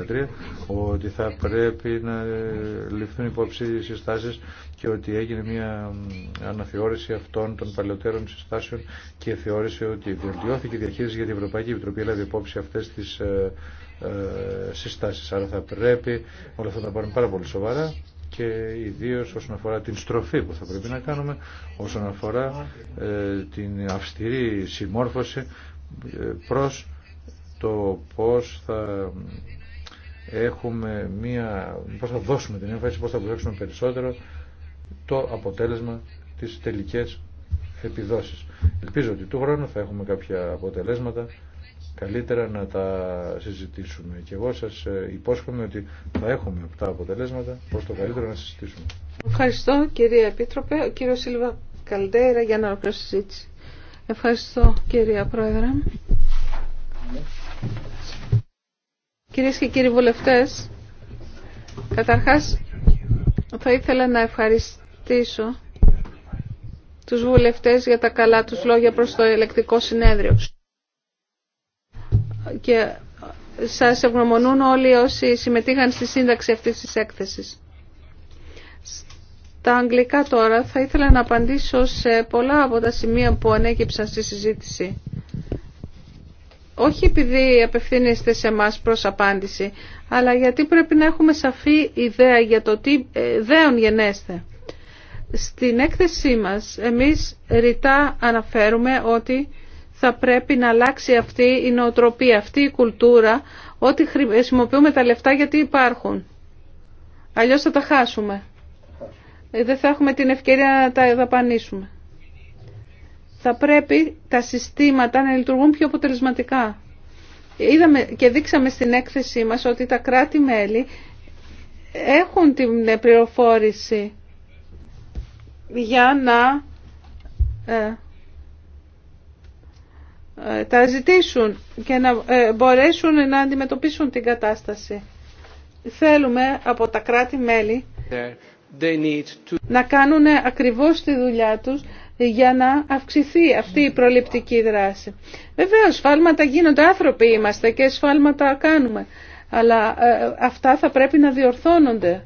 C: 2013, ότι θα πρέπει να ε, ληφθούν υπόψη οι συστάσεις και ότι έγινε μια αναθεώρηση αυτών των παλαιότερων συστάσεων και θεώρησε ότι βελτιώθηκε η διαχείριση για την Ευρωπαϊκή Επιτροπή έλαβε υπόψη αυτές τι συστάσει. Άρα θα πρέπει όλα αυτά να πάρουν πάρα πολύ σοβαρά και ιδίως όσον αφορά την στροφή που θα πρέπει να κάνουμε, όσον αφορά ε, την αυστηρή συμμόρφωση ε, προς το πώς θα έχουμε μία, πώς θα δώσουμε την έμφαση, πώς θα προσέξουμε περισσότερο το αποτέλεσμα της τελικές επιδόσεις. Ελπίζω ότι του χρόνου θα έχουμε κάποια αποτελέσματα καλύτερα να τα συζητήσουμε. Και εγώ σας ε, υπόσχομαι ότι θα έχουμε τα αποτελέσματα προς το καλύτερο να συζητήσουμε.
A: Ευχαριστώ κυρία Επίτροπε. Ο κύριος Σίλβα Καλντέρα για να ολοκληρώσει συζήτηση. Ευχαριστώ κυρία Πρόεδρε. Κυρίες και κύριοι βουλευτές, καταρχάς θα ήθελα να ευχαριστήσω τους βουλευτές για τα καλά τους λόγια προς το ελεκτικό συνέδριο και σας ευγνωμονούν όλοι όσοι συμμετείχαν στη σύνταξη αυτής της έκθεσης. Τα αγγλικά τώρα θα ήθελα να απαντήσω σε πολλά από τα σημεία που ανέκυψαν στη συζήτηση. Όχι επειδή απευθύνεστε σε εμά προς απάντηση, αλλά γιατί πρέπει να έχουμε σαφή ιδέα για το τι ε, δέον γενέστε. Στην έκθεσή μας εμείς ρητά αναφέρουμε ότι θα πρέπει να αλλάξει αυτή η νοοτροπία, αυτή η κουλτούρα, ότι χρησιμοποιούμε τα λεφτά γιατί υπάρχουν. Αλλιώς θα τα χάσουμε. Ε, δεν θα έχουμε την ευκαιρία να τα δαπανίσουμε. Θα πρέπει τα συστήματα να λειτουργούν πιο αποτελεσματικά. Είδαμε και δείξαμε στην έκθεσή μας ότι τα κράτη-μέλη έχουν την πληροφόρηση για να ε, ε, τα ζητήσουν και να ε, μπορέσουν να αντιμετωπίσουν την κατάσταση. Θέλουμε από τα κράτη-μέλη να κάνουν ακριβώς τη δουλειά τους για να αυξηθεί αυτή η προληπτική δράση. Βεβαίω, σφάλματα γίνονται, άνθρωποι είμαστε και σφάλματα κάνουμε. Αλλά ε, αυτά θα πρέπει να διορθώνονται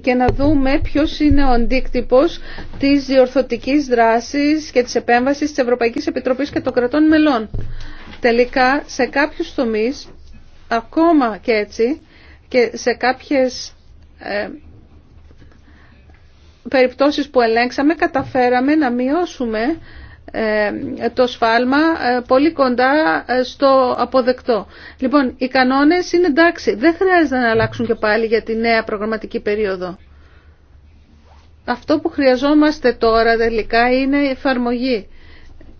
A: και να δούμε ποιος είναι ο αντίκτυπος της διορθωτικής δράσης και της επέμβασης της Ευρωπαϊκής Επιτροπής και των κρατών μελών. Τελικά, σε κάποιους τομείς, ακόμα και έτσι, και σε κάποιες ε, περιπτώσεις που ελέγξαμε, καταφέραμε να μειώσουμε ε, το σφάλμα ε, πολύ κοντά ε, στο αποδεκτό. Λοιπόν, οι κανόνες είναι εντάξει. Δεν χρειάζεται να αλλάξουν και πάλι για τη νέα προγραμματική περίοδο. Αυτό που χρειαζόμαστε τώρα τελικά είναι η εφαρμογή.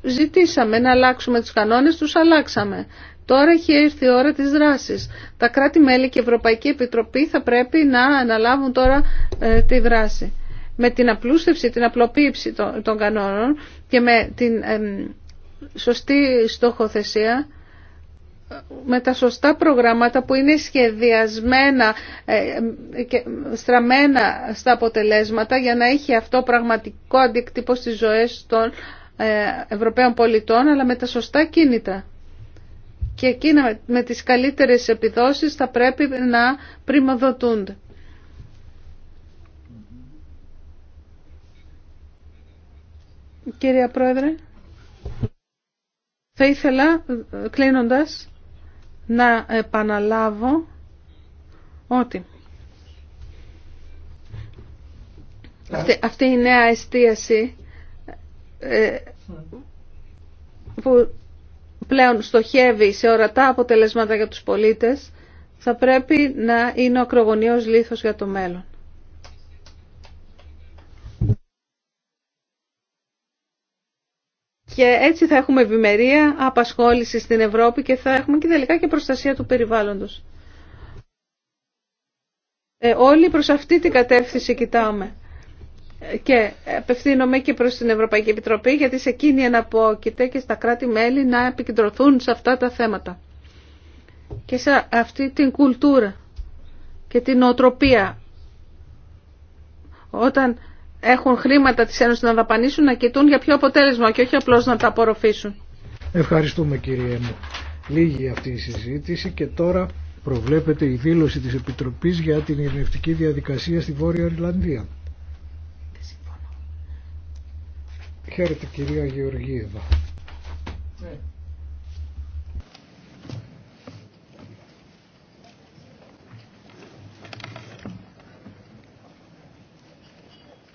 A: Ζητήσαμε να αλλάξουμε τους κανόνες, τους αλλάξαμε. Τώρα έχει έρθει η ώρα της δράσης. Τα κράτη-μέλη και η Ευρωπαϊκή Επιτροπή θα πρέπει να αναλάβουν τώρα τη δράση. Με την απλούστευση, την απλοποίηση των κανόνων και με την σωστή στόχοθεσία με τα σωστά προγράμματα που είναι σχεδιασμένα ε, και στραμμένα στα αποτελέσματα για να έχει αυτό πραγματικό αντίκτυπο στις ζωές των ε, Ευρωπαίων πολιτών αλλά με τα σωστά κίνητα. Και εκείνα με τις καλύτερες επιδόσεις θα πρέπει να πρημοδοτούνται. Κυρία Πρόεδρε, θα ήθελα κλείνοντας να επαναλάβω ότι αυτή, αυτή η νέα εστίαση ε, που πλέον στοχεύει σε ορατά αποτελέσματα για τους πολίτες θα πρέπει να είναι ο ακρογωνίος για το μέλλον. και έτσι θα έχουμε ευημερία, απασχόληση στην Ευρώπη και θα έχουμε και τελικά και προστασία του περιβάλλοντος. Ε, όλοι προς αυτή την κατεύθυνση κοιτάμε. Ε, και απευθύνομαι και προς την Ευρωπαϊκή Επιτροπή γιατί σε εκείνη αναπόκειται και στα κράτη-μέλη να επικεντρωθούν σε αυτά τα θέματα. Και σε αυτή την κουλτούρα και την οτροπία. Όταν έχουν χρήματα της Ένωσης να δαπανίσουν να κοιτούν για ποιο αποτέλεσμα και όχι απλώς να τα απορροφήσουν.
B: Ευχαριστούμε κύριε μου. Λίγη αυτή η συζήτηση και τώρα προβλέπεται η δήλωση της Επιτροπής για την ειρηνευτική διαδικασία στη Βόρεια Ιρλανδία. Χαίρετε κυρία Γεωργίευα. Ναι.